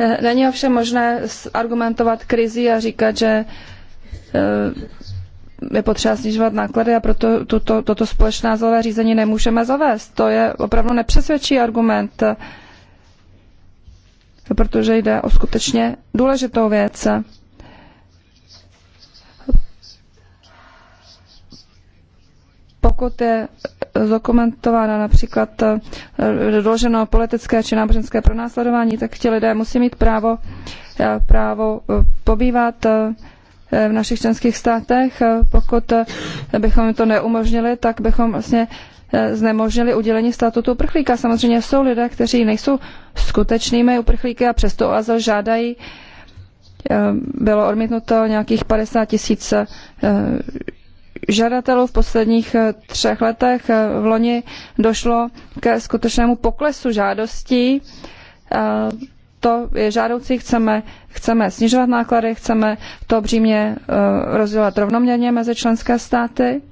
Eh, Není ovšem možné argumentovat krizi a říkat, že eh, je potřeba snižovat náklady a proto tuto, toto společnázové řízení nemůžeme zavést. To je opravdu nepřesvědčí argument, eh, protože jde o skutečně důležitou věc. pokud je zdokumentována například eh, doloženo politické či náboženské pronásledování, tak ti lidé musí mít právo, eh, právo eh, pobývat v našich členských státech. Pokud bychom jim to neumožnili, tak bychom vlastně znemožnili udělení statutu uprchlíka. Samozřejmě jsou lidé, kteří nejsou skutečnými uprchlíky a přesto o azyl žádají. Bylo odmítnuto nějakých 50 tisíc žadatelů v posledních eh, třech letech. Eh, v loni došlo ke skutečnému poklesu žádostí. Eh, to je žádoucí, chceme, chceme snižovat náklady, chceme to břímě rozdělat rovnoměrně mezi členské státy.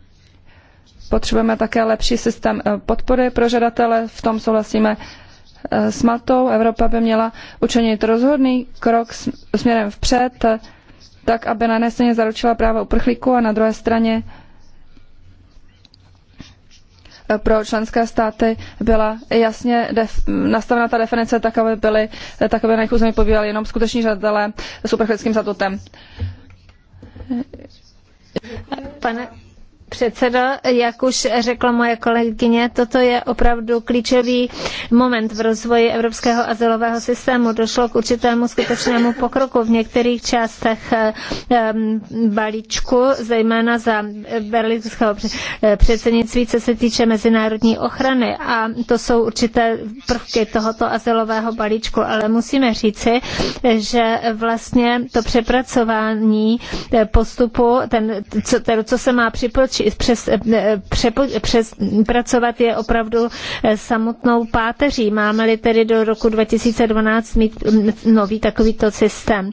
Potřebujeme také lepší systém podpory pro žadatele, v tom souhlasíme s Maltou. Evropa by měla učinit rozhodný krok směrem vpřed, tak aby na jedné straně zaručila práva uprchlíků a na druhé straně pro členské státy byla jasně nastavena ta definice tak, aby byly takové na jejich území pobývali jenom skuteční žadatelé s uprchlickým statutem. Pane, předsedo, jak už řekla moje kolegyně, toto je opravdu klíčový moment v rozvoji evropského azylového systému. Došlo k určitému skutečnému pokroku v některých částech eh, eh, balíčku, zejména za berlínského eh, předsednictví, co se týče mezinárodní ochrany. A to jsou určité prvky tohoto azylového balíčku, ale musíme říci, že vlastně to přepracování postupu, ten, co, ten, co se má připočít, přes, eh, eh, přepo, přes, pracovat je opravdu eh, samotnou páteří. Máme-li tedy do roku 2012 mít nový takovýto systém.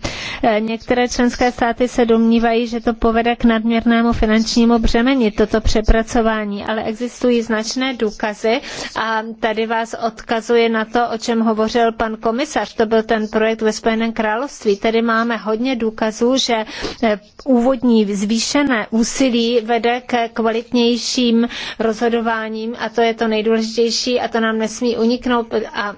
Některé členské státy se domnívají, že to povede k nadměrnému finančnímu břemeni, toto přepracování, ale existují značné důkazy a tady vás odkazuje na to, o čem hovořil pan komisař. To byl ten projekt ve Spojeném království. Tady máme hodně důkazů, že úvodní zvýšené úsilí vede k kvalitnějším rozhodováním a to je to nejdůležitější a to nám nesmí uniknout a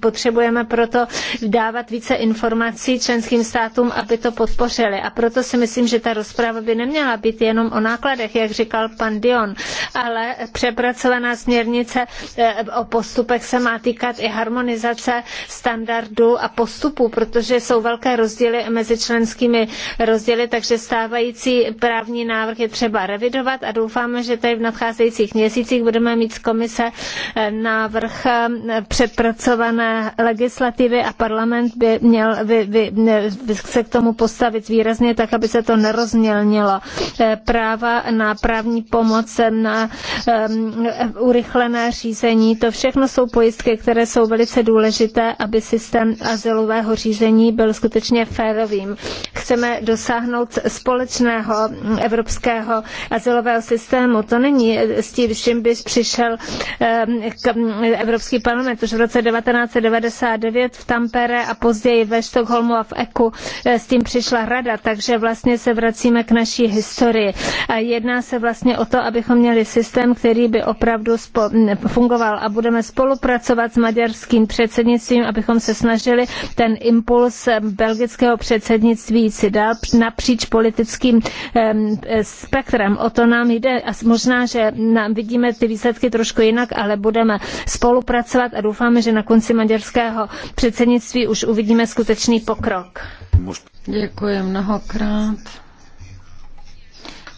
potřebujeme proto dávat více informací členským státům, aby to podpořili. A proto si myslím, že ta rozprava by neměla být jenom o nákladech, jak říkal pan Dion, ale přepracovaná směrnice eh, o postupech se má týkat i harmonizace standardů a postupů, protože jsou velké rozdíly mezi členskými rozdíly, takže stávající právní návrh je třeba revidovat pokračovat a doufáme, že tady v nadcházejících měsících budeme mít z komise eh, návrh eh, přepracované legislativy a parlament by měl se k tomu postavit výrazně, tak aby se to nerozmělnilo. Eh, práva na právní pomoc, na um, urychlené řízení, to všechno jsou pojistky, které jsou velice důležité, aby systém azylového řízení byl skutečně férovým. Chceme dosáhnout společného mm, evropského azylového azylového systému. To není s tím, s čím by přišel ehm, Evropský parlament už v roce 1999 v Tampere a později ve Stockholmu a v Eku eh, s tím přišla rada, takže vlastně se vracíme k naší historii. A jedná se vlastně o to, abychom měli systém, který by opravdu fungoval a budeme spolupracovat s maďarským předsednictvím, abychom se snažili ten impuls eh, belgického předsednictví si dát napříč politickým ehm, eh, spektrem o to, to nám jde a možná, že nám vidíme ty výsledky trošku jinak, ale budeme spolupracovat a doufáme, že na konci maďarského předsednictví už uvidíme skutečný pokrok. Děkuji mnohokrát.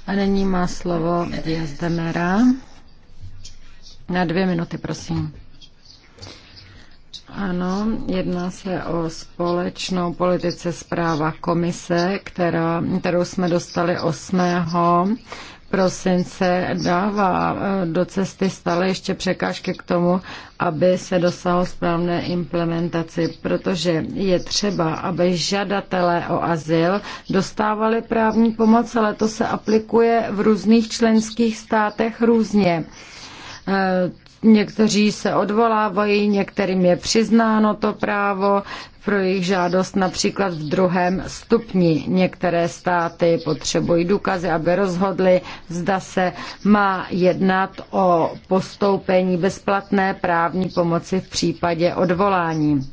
A nyní má slovo Diaz Na dvě minuty, prosím. Ano, jedná se o společnou politice zpráva komise, která, kterou jsme dostali 8 prosince dává eh, do cesty stále ještě překážky k tomu, aby se dosáhlo správné implementaci, protože je třeba, aby žadatelé o azyl dostávali právní pomoc, ale to se aplikuje v různých členských státech různě eh, Někteří se odvolávají, některým je přiznáno to právo pro jejich žádost například v druhém stupni. Některé státy potřebují důkazy, aby rozhodly, zda se má jednat o postoupení bezplatné právní pomoci v případě odvolání.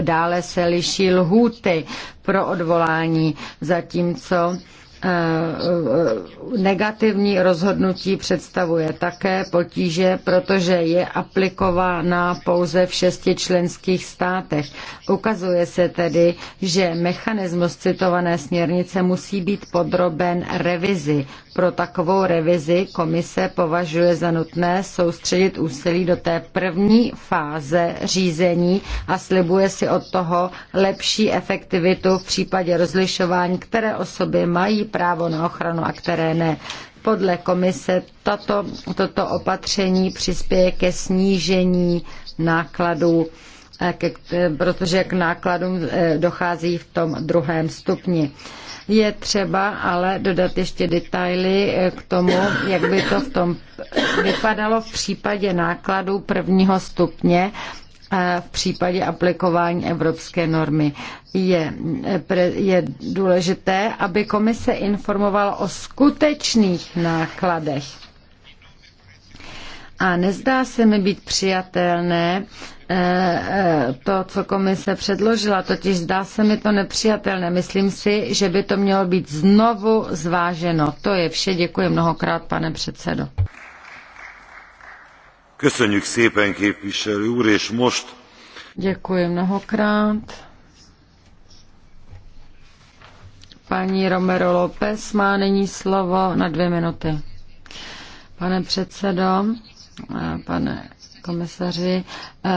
Dále se liší lhůty pro odvolání, zatímco Eh, eh, negativní rozhodnutí představuje také potíže, protože je aplikována pouze v šesti členských státech. Ukazuje se tedy, že mechanismus citované směrnice musí být podroben revizi. Pro takovou revizi komise považuje za nutné soustředit úsilí do té první fáze řízení a slibuje si od toho lepší efektivitu v případě rozlišování, které osoby mají právo na ochranu a které ne podle komise tato, toto opatření přispěje ke snížení nákladů Eh, eh, protože k nákladům eh, dochází v tom druhém stupni. Je třeba ale dodat ještě detaily k tomu, jak by to v tom vypadalo v případě nákladů prvního stupně v případě aplikování evropské normy. Je, je důležité, aby komise informovala o skutečných nákladech a nezdá se mi být přijatelné eh, eh, to, co komise předložila, totiž zdá se mi to nepřijatelné. Myslím si, že by to mělo být znovu zváženo. To je vše. Děkuji mnohokrát, pane předsedo. Köszönjük szépen, képviselő úr, és most... Děkuji mnohokrát. Paní Romero López má nyní slovo na dvě minuty. Pane předsedo, Eh, pane komisaři, eh,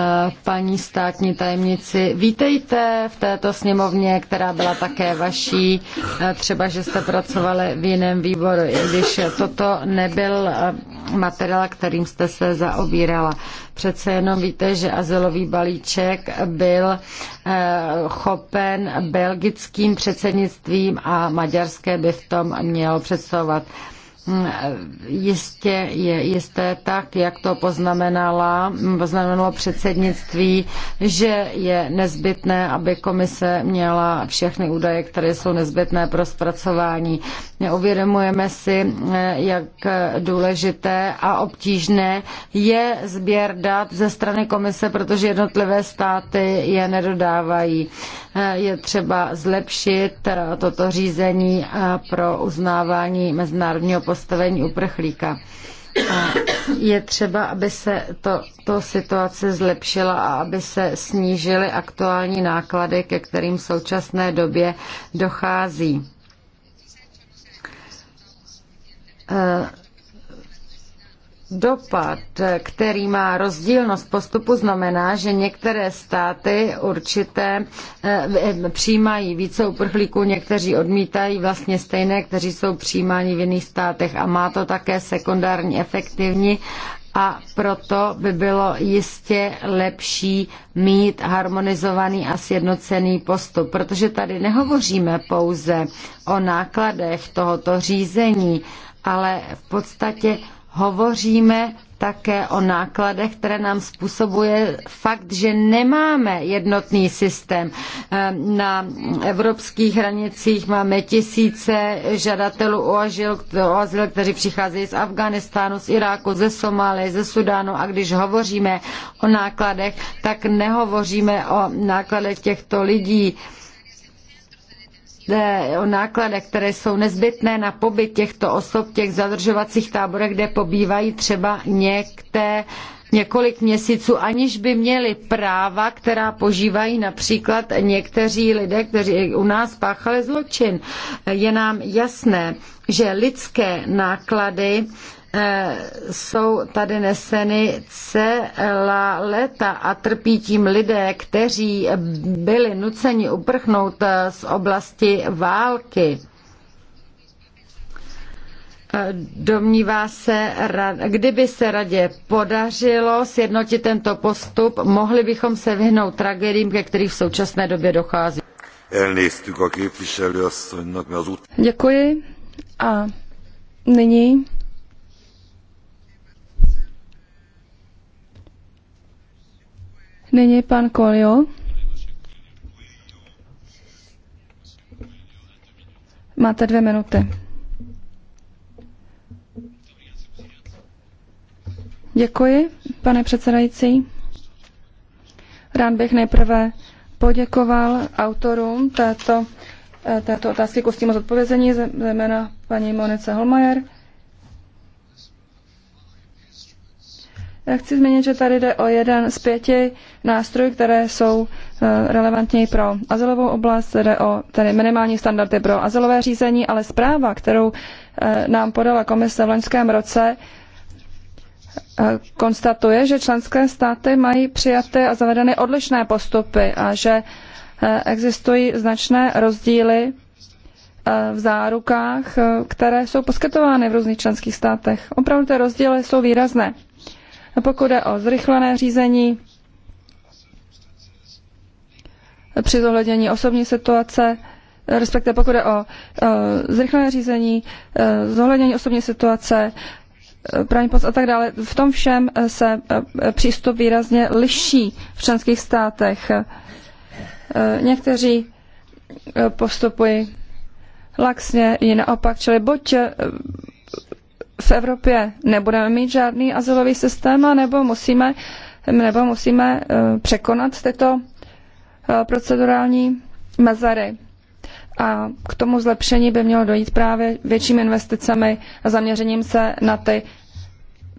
paní státní tajemnici. Vítejte v této sněmovně, která byla také vaší, eh, třeba, že jste pracovali v jiném výboru, i když toto nebyl materiál, kterým jste se zaobírala. Přece jenom víte, že azylový balíček byl chopen belgickým předsednictvím a maďarské by v tom mělo představovat. Mm, jistě je jisté tak, jak to poznamenala, poznamenalo předsednictví, že je nezbytné, aby komise měla všechny údaje, které jsou nezbytné pro zpracování. Uvědomujeme si, eh, jak důležité a obtížné je sběr dat ze strany komise, protože jednotlivé státy je nedodávají. Eh, je třeba zlepšit eh, toto řízení eh, pro uznávání mezinárodního postavení uprchlíka. A je třeba, aby se to, to situace zlepšila a aby se snížily aktuální náklady, ke kterým v současné době dochází. E Dopad, který má rozdílnost postupu, znamená, že některé státy určité eh, přijímají více uprchlíků, někteří odmítají vlastně stejné, kteří jsou přijímáni v jiných státech a má to také sekundární efektivní a proto by bylo jistě lepší mít harmonizovaný a sjednocený postup, protože tady nehovoříme pouze o nákladech tohoto řízení, ale v podstatě hovoříme také o nákladech, které nám způsobuje fakt, že nemáme jednotný systém. Ehm, na evropských hranicích máme tisíce žadatelů o azyl, o azyl kteří přicházejí z Afganistánu, z Iráku, ze Somálie, ze Sudánu a když hovoříme o nákladech, tak nehovoříme o nákladech těchto lidí o nákladech, které jsou nezbytné na pobyt těchto osob v těch zadržovacích táborech, kde pobývají třeba některé několik měsíců, aniž by měli práva, která požívají například někteří lidé, kteří u nás páchali zločin. Je nám jasné, že lidské náklady Eh, jsou tady neseny celá léta a trpí tím lidé, kteří byli nuceni uprchnout eh, z oblasti války. Eh, domnívá se, kdyby se radě podařilo sjednotit tento postup, mohli bychom se vyhnout tragédiím, ke kterým v současné době dochází. Děkuji. A nyní Nyní pan Kolio. Máte dvě minuty. Děkuji, pane předsedající. Rád bych nejprve poděkoval autorům této, eh, této otázky k ústnímu zodpovězení, zejména paní Monice Holmajer Chci zmínit, že tady jde o jeden z pěti nástrojů, které jsou eh, relevantní pro azylovou oblast, jde o tedy minimální standardy pro azylové řízení, ale zpráva, kterou eh, nám podala komise v loňském roce, eh, konstatuje, že členské státy mají přijaty a zavedeny odlišné postupy a že existují značné rozdíly v zárukách, které jsou poskytovány v různých členských státech. Opravdu ty rozdíly jsou výrazné. Pokud jde o zrychlené řízení, při zohlednění osobní situace, respektive pokud jde o e, zrychlené řízení, e, zohlednění osobní situace, e, právní pomoc a tak dále. V tom všem se přístup výrazně liší v členských státech. Někteří postupují laxně, i naopak, čili buď v Evropě nebudeme mít žádný azylový systém, nebo musíme, nebo musíme eh, překonat tyto eh, procedurální mezery. A k tomu zlepšení by mělo dojít právě většími investicemi a zaměřením se na ty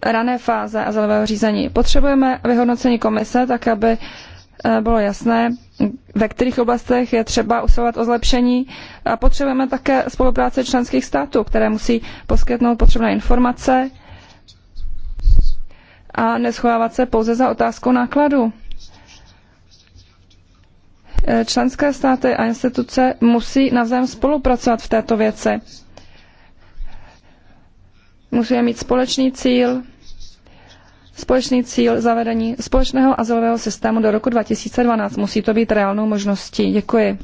rané fáze azylového řízení. Potřebujeme vyhodnocení komise, tak aby eh, bylo jasné, ve kterých oblastech je třeba usilovat o zlepšení. A potřebujeme také spolupráce členských států, které musí poskytnout potřebné informace a neschovávat se pouze za otázkou nákladu. Členské státy a instituce musí navzájem spolupracovat v této věci. Musíme mít společný cíl, společný cíl zavedení společného azylového systému do roku 2012. Musí to být reálnou možností. Děkuji.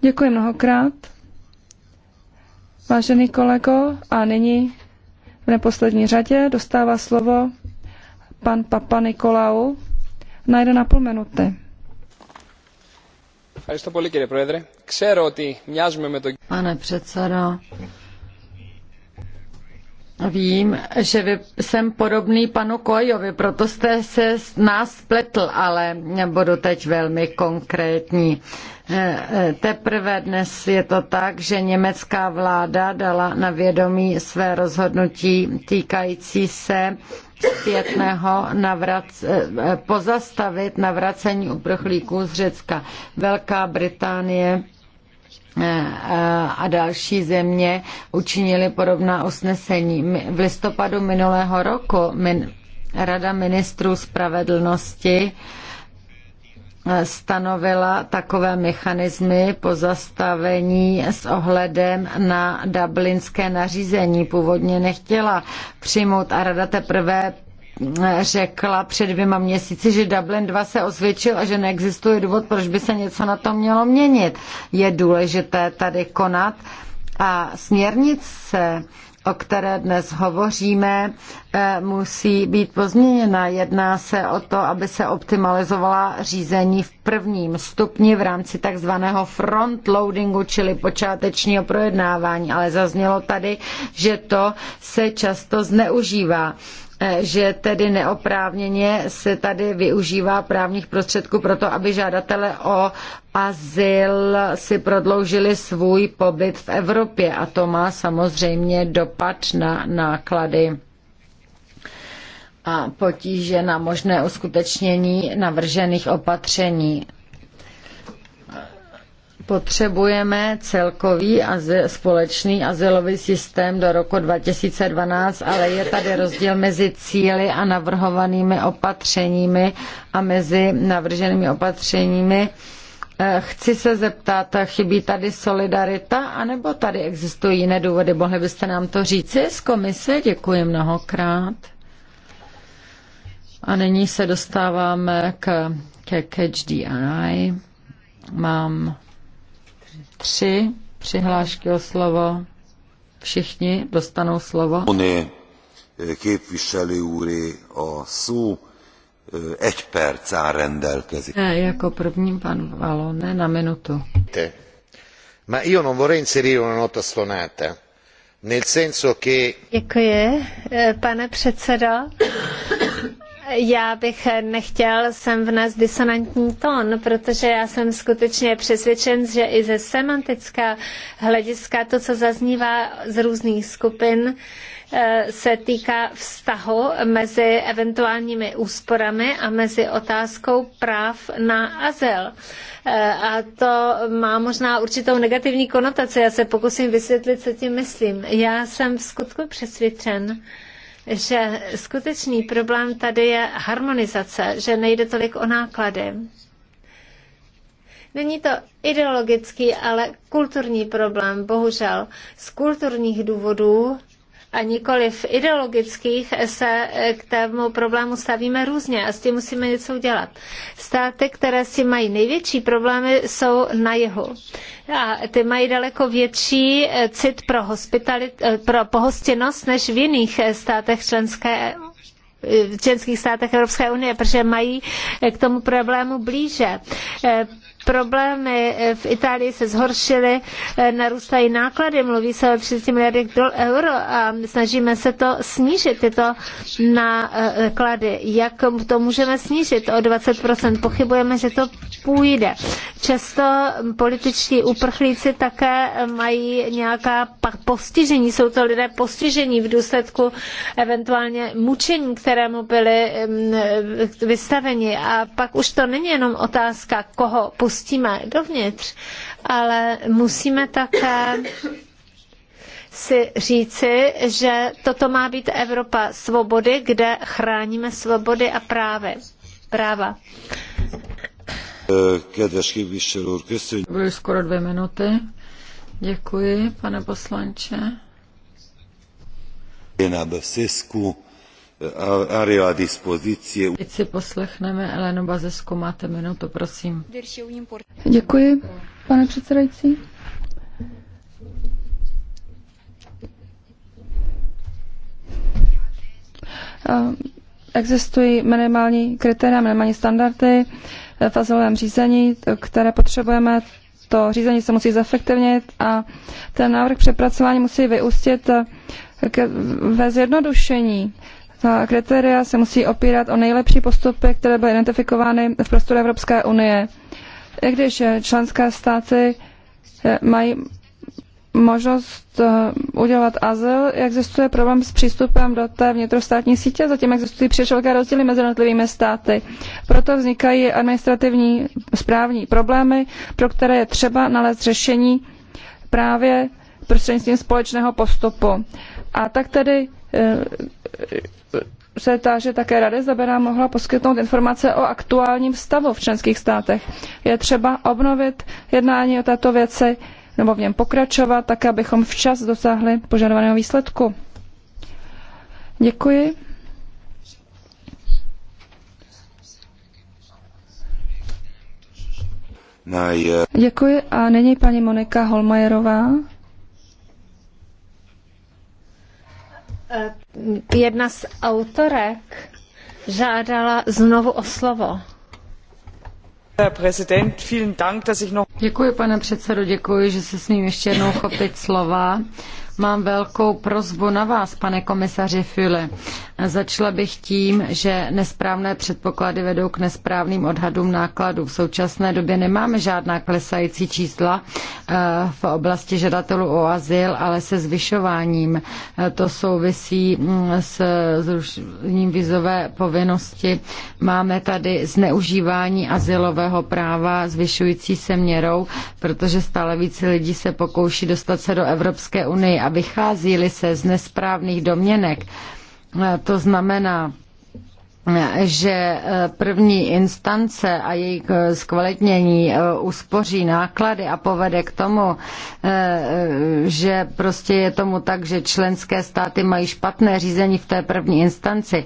Děkuji mnohokrát. Vážený kolego, a nyní v neposlední řadě dostává slovo pan Papa Nikolau na 1,5 minuty. Pane předsedo, Vím, že vy jsem podobný panu Kojovi, proto jste se s nás spletl, ale budu teď velmi konkrétní. Eh, eh, teprve dnes je to tak, že německá vláda dala na vědomí své rozhodnutí týkající se zpětného navrac, eh, pozastavit navracení uprchlíků z Řecka. Velká Británie Eh, eh, a další země učinili podobná usnesení. V listopadu minulého roku min Rada ministrů spravedlnosti eh, stanovila takové mechanismy pozastavení s ohledem na dublinské nařízení. Původně nechtěla přijmout a rada teprve řekla před dvěma měsíci, že Dublin 2 se osvědčil a že neexistuje důvod, proč by se něco na tom mělo měnit. Je důležité tady konat a směrnice o které dnes hovoříme, eh, musí být pozměněna. Jedná se o to, aby se optimalizovala řízení v prvním stupni v rámci takzvaného frontloadingu, čili počátečního projednávání, ale zaznělo tady, že to se často zneužívá. Eh, že tedy neoprávněně se tady využívá právních prostředků pro to, aby žádatele o azyl si prodloužili svůj pobyt v Evropě a to má samozřejmě dopad na náklady a potíže na možné uskutečnění navržených opatření. Potřebujeme celkový azyl, společný azylový systém do roku 2012, ale je tady rozdíl mezi cíly a navrhovanými opatřeními a mezi navrženými opatřeními. Eh, chci se zeptat, chybí tady solidarita, anebo tady existují jiné důvody? Mohli byste nám to říci z komise? Děkuji mnohokrát. A nyní se dostáváme k, ke Catch the Eye. Mám tři přihlášky o slovo. Všichni dostanou slovo. Oni eh, képviselő úry o sú eť eh, perc rendelkezi. Ne, jako první pan Valo, ne na minutu. Ma io non vorrei inserire una nota stonata. Nel senso che... Děkuji, eh, pane předsedo já bych nechtěl sem nás disonantní tón, protože já jsem skutečně přesvědčen, že i ze semantického hlediska to, co zaznívá z různých skupin, eh, se týká vztahu mezi eventuálními úsporami a mezi otázkou práv na azyl. Eh, a to má možná určitou negativní konotaci. Já se pokusím vysvětlit, co tím myslím. Já jsem v skutku přesvědčen, že skutečný problém tady je harmonizace, že nejde tolik o náklady. Není to ideologický, ale kulturní problém, bohužel. Z kulturních důvodů a nikoli v ideologických se eh, k tému problému stavíme různě a s tím musíme něco udělat. Státy, které s tím mají největší problémy, jsou na jihu. A ty mají daleko větší eh, cit pro, eh, pro pohostinnost než v jiných státech členské v členských státech Evropské unie, protože mají k tomu problému blíže problémy eh, v Itálii se zhoršily, eh, narůstají náklady, mluví se o 30 miliardech euro a snažíme se to snížit, tyto náklady. Jak to můžeme snížit o 20%? Pochybujeme, že to půjde. Často političtí uprchlíci také mají nějaká postižení, jsou to lidé postižení v důsledku eventuálně mučení, kterému byli mm, vystaveni. A pak už to není jenom otázka, koho pustíme dovnitř, ale musíme také si říci, že toto má být Evropa svobody, kde chráníme svobody a právy, práva. Byly skoro dvě minuty. Děkuji, pane poslanče. Na Bevsesku dispozice. Teď si poslechneme Elenu Bazesku. Máte minutu, prosím. Děkuji, pane předsedající. Existují minimální kritéria, minimální standardy v azylovém řízení, které potřebujeme. To řízení se musí zefektivnit a ten návrh přepracování musí vyústit ve zjednodušení. Ta kritéria se musí opírat o nejlepší postupy, které byly identifikovány v prostoru Evropské unie. I když členské státy mají možnost eh, udělat azyl, existuje problém s přístupem do té vnitrostátní sítě, zatím existují příliš velké rozdíly mezi jednotlivými státy. Proto vznikají administrativní správní problémy, pro které je třeba nalézt řešení právě prostřednictvím společného postupu. A tak tedy eh, se táže také rady, zda by nám mohla poskytnout informace o aktuálním stavu v členských státech. Je třeba obnovit jednání o této věci nebo v něm pokračovat, tak abychom včas dosáhli požadovaného výsledku. Děkuji. Eh, Děkuji a nyní paní Monika Holmajerová. Eh, jedna z autorek žádala znovu o slovo. Děkuji, pane předsedo, děkuji, že se smím ještě jednou chopit slova Mám velkou prozbu na vás, pane komisaři Füle. Začala bych tím, že nesprávné předpoklady vedou k nesprávným odhadům nákladů. V současné době nemáme žádná klesající čísla eh, v oblasti žadatelů o azyl, ale se zvyšováním. Eh, to souvisí mm, s zrušením vizové povinnosti. Máme tady zneužívání azylového práva zvyšující se měrou, protože stále více lidí se pokouší dostat se do Evropské unie a vychází-li se z nesprávných domněnek, e, to znamená že eh, první instance a její eh, zkvalitnění eh, uspoří náklady a povede k tomu, že prostě je tomu tak, že členské státy mají špatné řízení v té první instanci.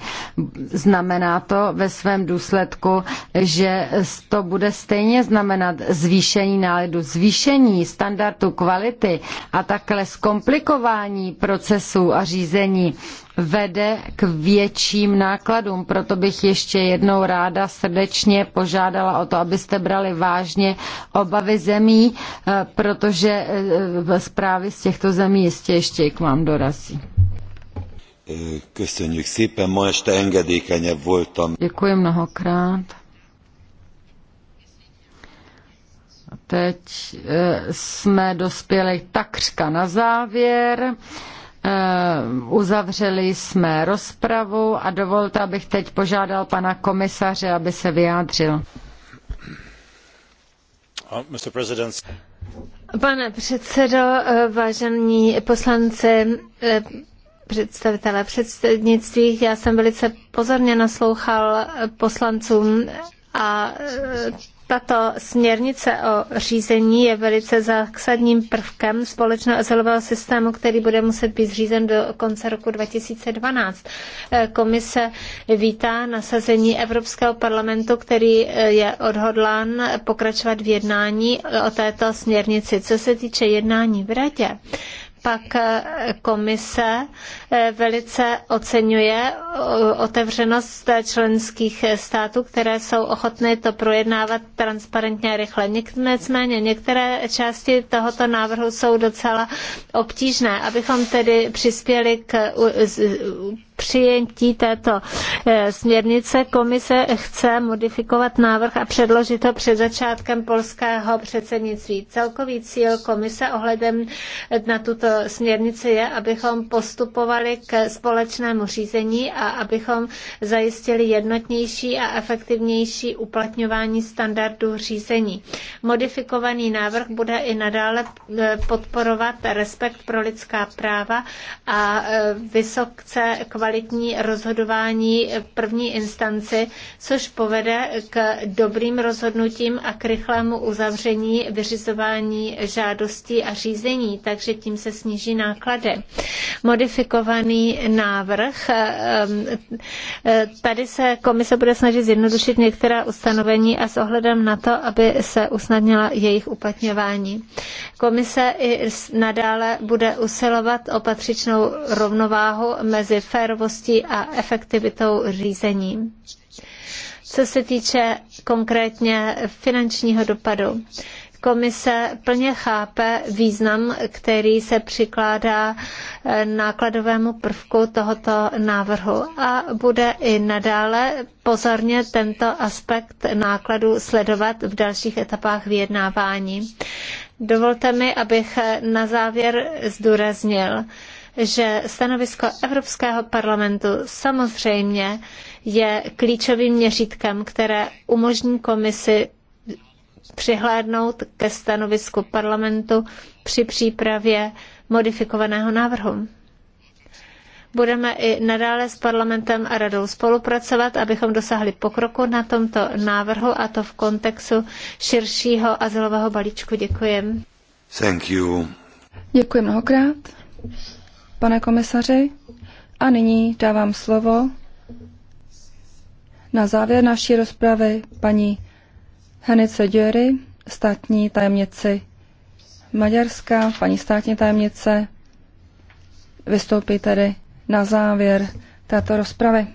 Znamená to ve svém důsledku, že to bude stejně znamenat zvýšení náledu, zvýšení standardu kvality a takhle zkomplikování procesů a řízení vede k větším nákladům. Proto bych ještě jednou ráda srdečně požádala o to, abyste brali vážně obavy zemí, eh, protože eh, zprávy z těchto zemí jistě ještě k vám dorazí. Köszönjük szépen, ma este engedékenyebb voltam. Děkuji mnohokrát. Teď eh, jsme dospěli takřka na závěr. Eh, uzavřeli jsme rozpravu a dovolte, abych teď požádal pana komisaře, aby se vyjádřil. Oh, Pane předsedo, eh, vážení poslanci, eh, představitelé předsednictví, já jsem velice pozorně naslouchal poslancům a tato směrnice o řízení je velice zásadním prvkem společného azylového systému, který bude muset být zřízen do konce roku 2012. Eh, komise vítá nasazení Evropského parlamentu, který eh, je odhodlán pokračovat v jednání o této směrnici. Co se týče jednání v radě, pak komise eh, velice oceňuje eh, otevřenost eh, členských států, které jsou ochotné to projednávat transparentně a rychle. Nicméně některé části tohoto návrhu jsou docela obtížné. Abychom tedy přispěli k přijetí této eh, směrnice komise chce modifikovat návrh a předložit ho před začátkem polského předsednictví. Celkový cíl komise ohledem na tuto směrnici je, abychom postupovali k společnému řízení a abychom zajistili jednotnější a efektivnější uplatňování standardů řízení. Modifikovaný návrh bude i nadále eh, podporovat respekt pro lidská práva a eh, vysokce kvalitní kvalitní rozhodování první instanci, což povede k dobrým rozhodnutím a k rychlému uzavření vyřizování žádostí a řízení, takže tím se sníží náklady. Modifikovaný návrh. Ehm, eh, tady se komise bude snažit zjednodušit některá ustanovení a s ohledem na to, aby se usnadnila jejich uplatňování. Komise i nadále bude usilovat o patřičnou rovnováhu mezi férovou férovostí a efektivitou řízení. Co se týče konkrétně finančního dopadu, komise plně chápe význam, který se přikládá eh, nákladovému prvku tohoto návrhu a bude i nadále pozorně tento aspekt nákladů sledovat v dalších etapách vyjednávání. Dovolte mi, abych na závěr zdůraznil, že stanovisko Evropského parlamentu samozřejmě je klíčovým měřítkem, které umožní komisi přihlédnout ke stanovisku parlamentu při přípravě modifikovaného návrhu. Budeme i nadále s parlamentem a radou spolupracovat, abychom dosáhli pokroku na tomto návrhu a to v kontextu širšího azylového balíčku. Děkuji. Thank you. Děkuji mnohokrát pane komisaři. A nyní dávám slovo na závěr naší rozpravy paní Henice Děry, státní tajemnici Maďarska, paní státní tajemnice, vystoupí tedy na závěr této rozpravy.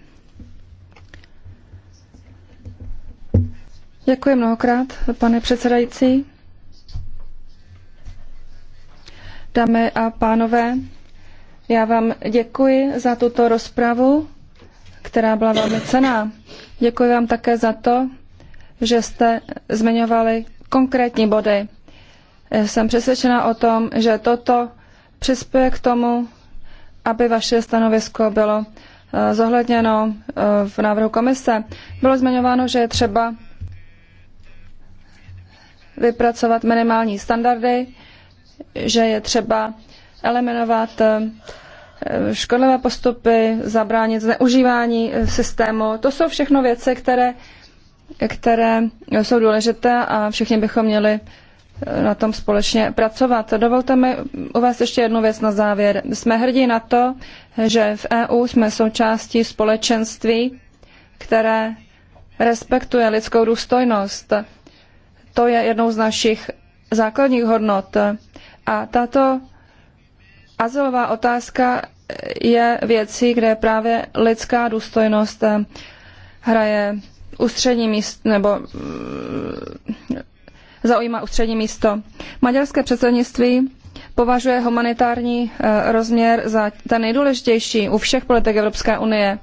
Děkuji mnohokrát, pane předsedající. Dámy a pánové, já vám děkuji za tuto rozpravu, která byla velmi cená. Děkuji vám také za to, že jste zmiňovali konkrétní body. Jsem přesvědčena o tom, že toto přispěje k tomu, aby vaše stanovisko bylo eh, zohledněno eh, v návrhu komise. Bylo zmiňováno, že je třeba vypracovat minimální standardy, že je třeba eliminovat eh, škodlivé postupy, zabránit zneužívání eh, systému. To jsou všechno věci, které, které jsou důležité a všichni bychom měli eh, na tom společně pracovat. Dovolte mi uvést ještě jednu věc na závěr. Jsme hrdí na to, že v EU jsme součástí společenství, které respektuje lidskou důstojnost. To je jednou z našich základních hodnot. A tato Azylová otázka je věcí, kde právě lidská důstojnost eh, hraje ústřední místo, nebo mm, zaujímá ústřední místo. Maďarské předsednictví považuje humanitární eh, rozměr za ten nejdůležitější u všech politik Evropské unie.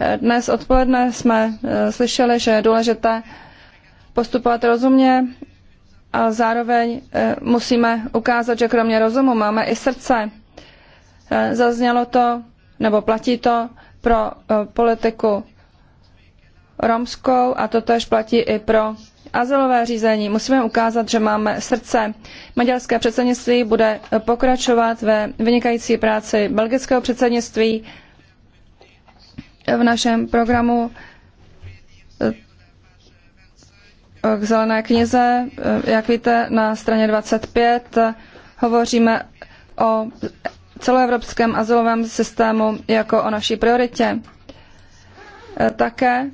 Eh, dnes odpoledne jsme slyšeli, že je důležité postupovat rozumně a zároveň musíme ukázat, že kromě rozumu máme i srdce Eh, zaznělo to, nebo platí to pro eh, politiku romskou a to tež platí i pro azylové řízení. Musíme ukázat, že máme srdce. Maďarské předsednictví bude eh, pokračovat ve vynikající práci belgického předsednictví. V našem programu k zelené knize, jak víte, na straně 25 hovoříme o celoevropském azylovém systému jako o naší prioritě. E, také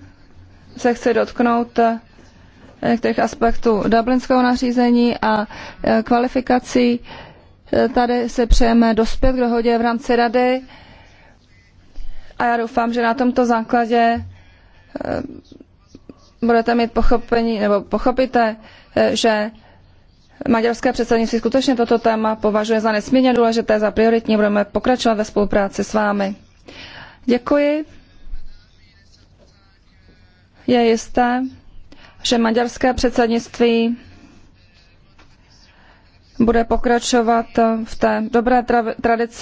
se chci dotknout e, některých aspektů dublinského nařízení a e, kvalifikací. Tady se přejeme dospět k dohodě v rámci rady a já doufám, že na tomto základě budete mít pochopení, nebo pochopíte, že Maďarské předsednictví skutečně toto téma považuje za nesmírně důležité, za prioritní. Budeme pokračovat ve spolupráci s vámi. Děkuji. Je jisté, že maďarské předsednictví bude pokračovat v té dobré tradici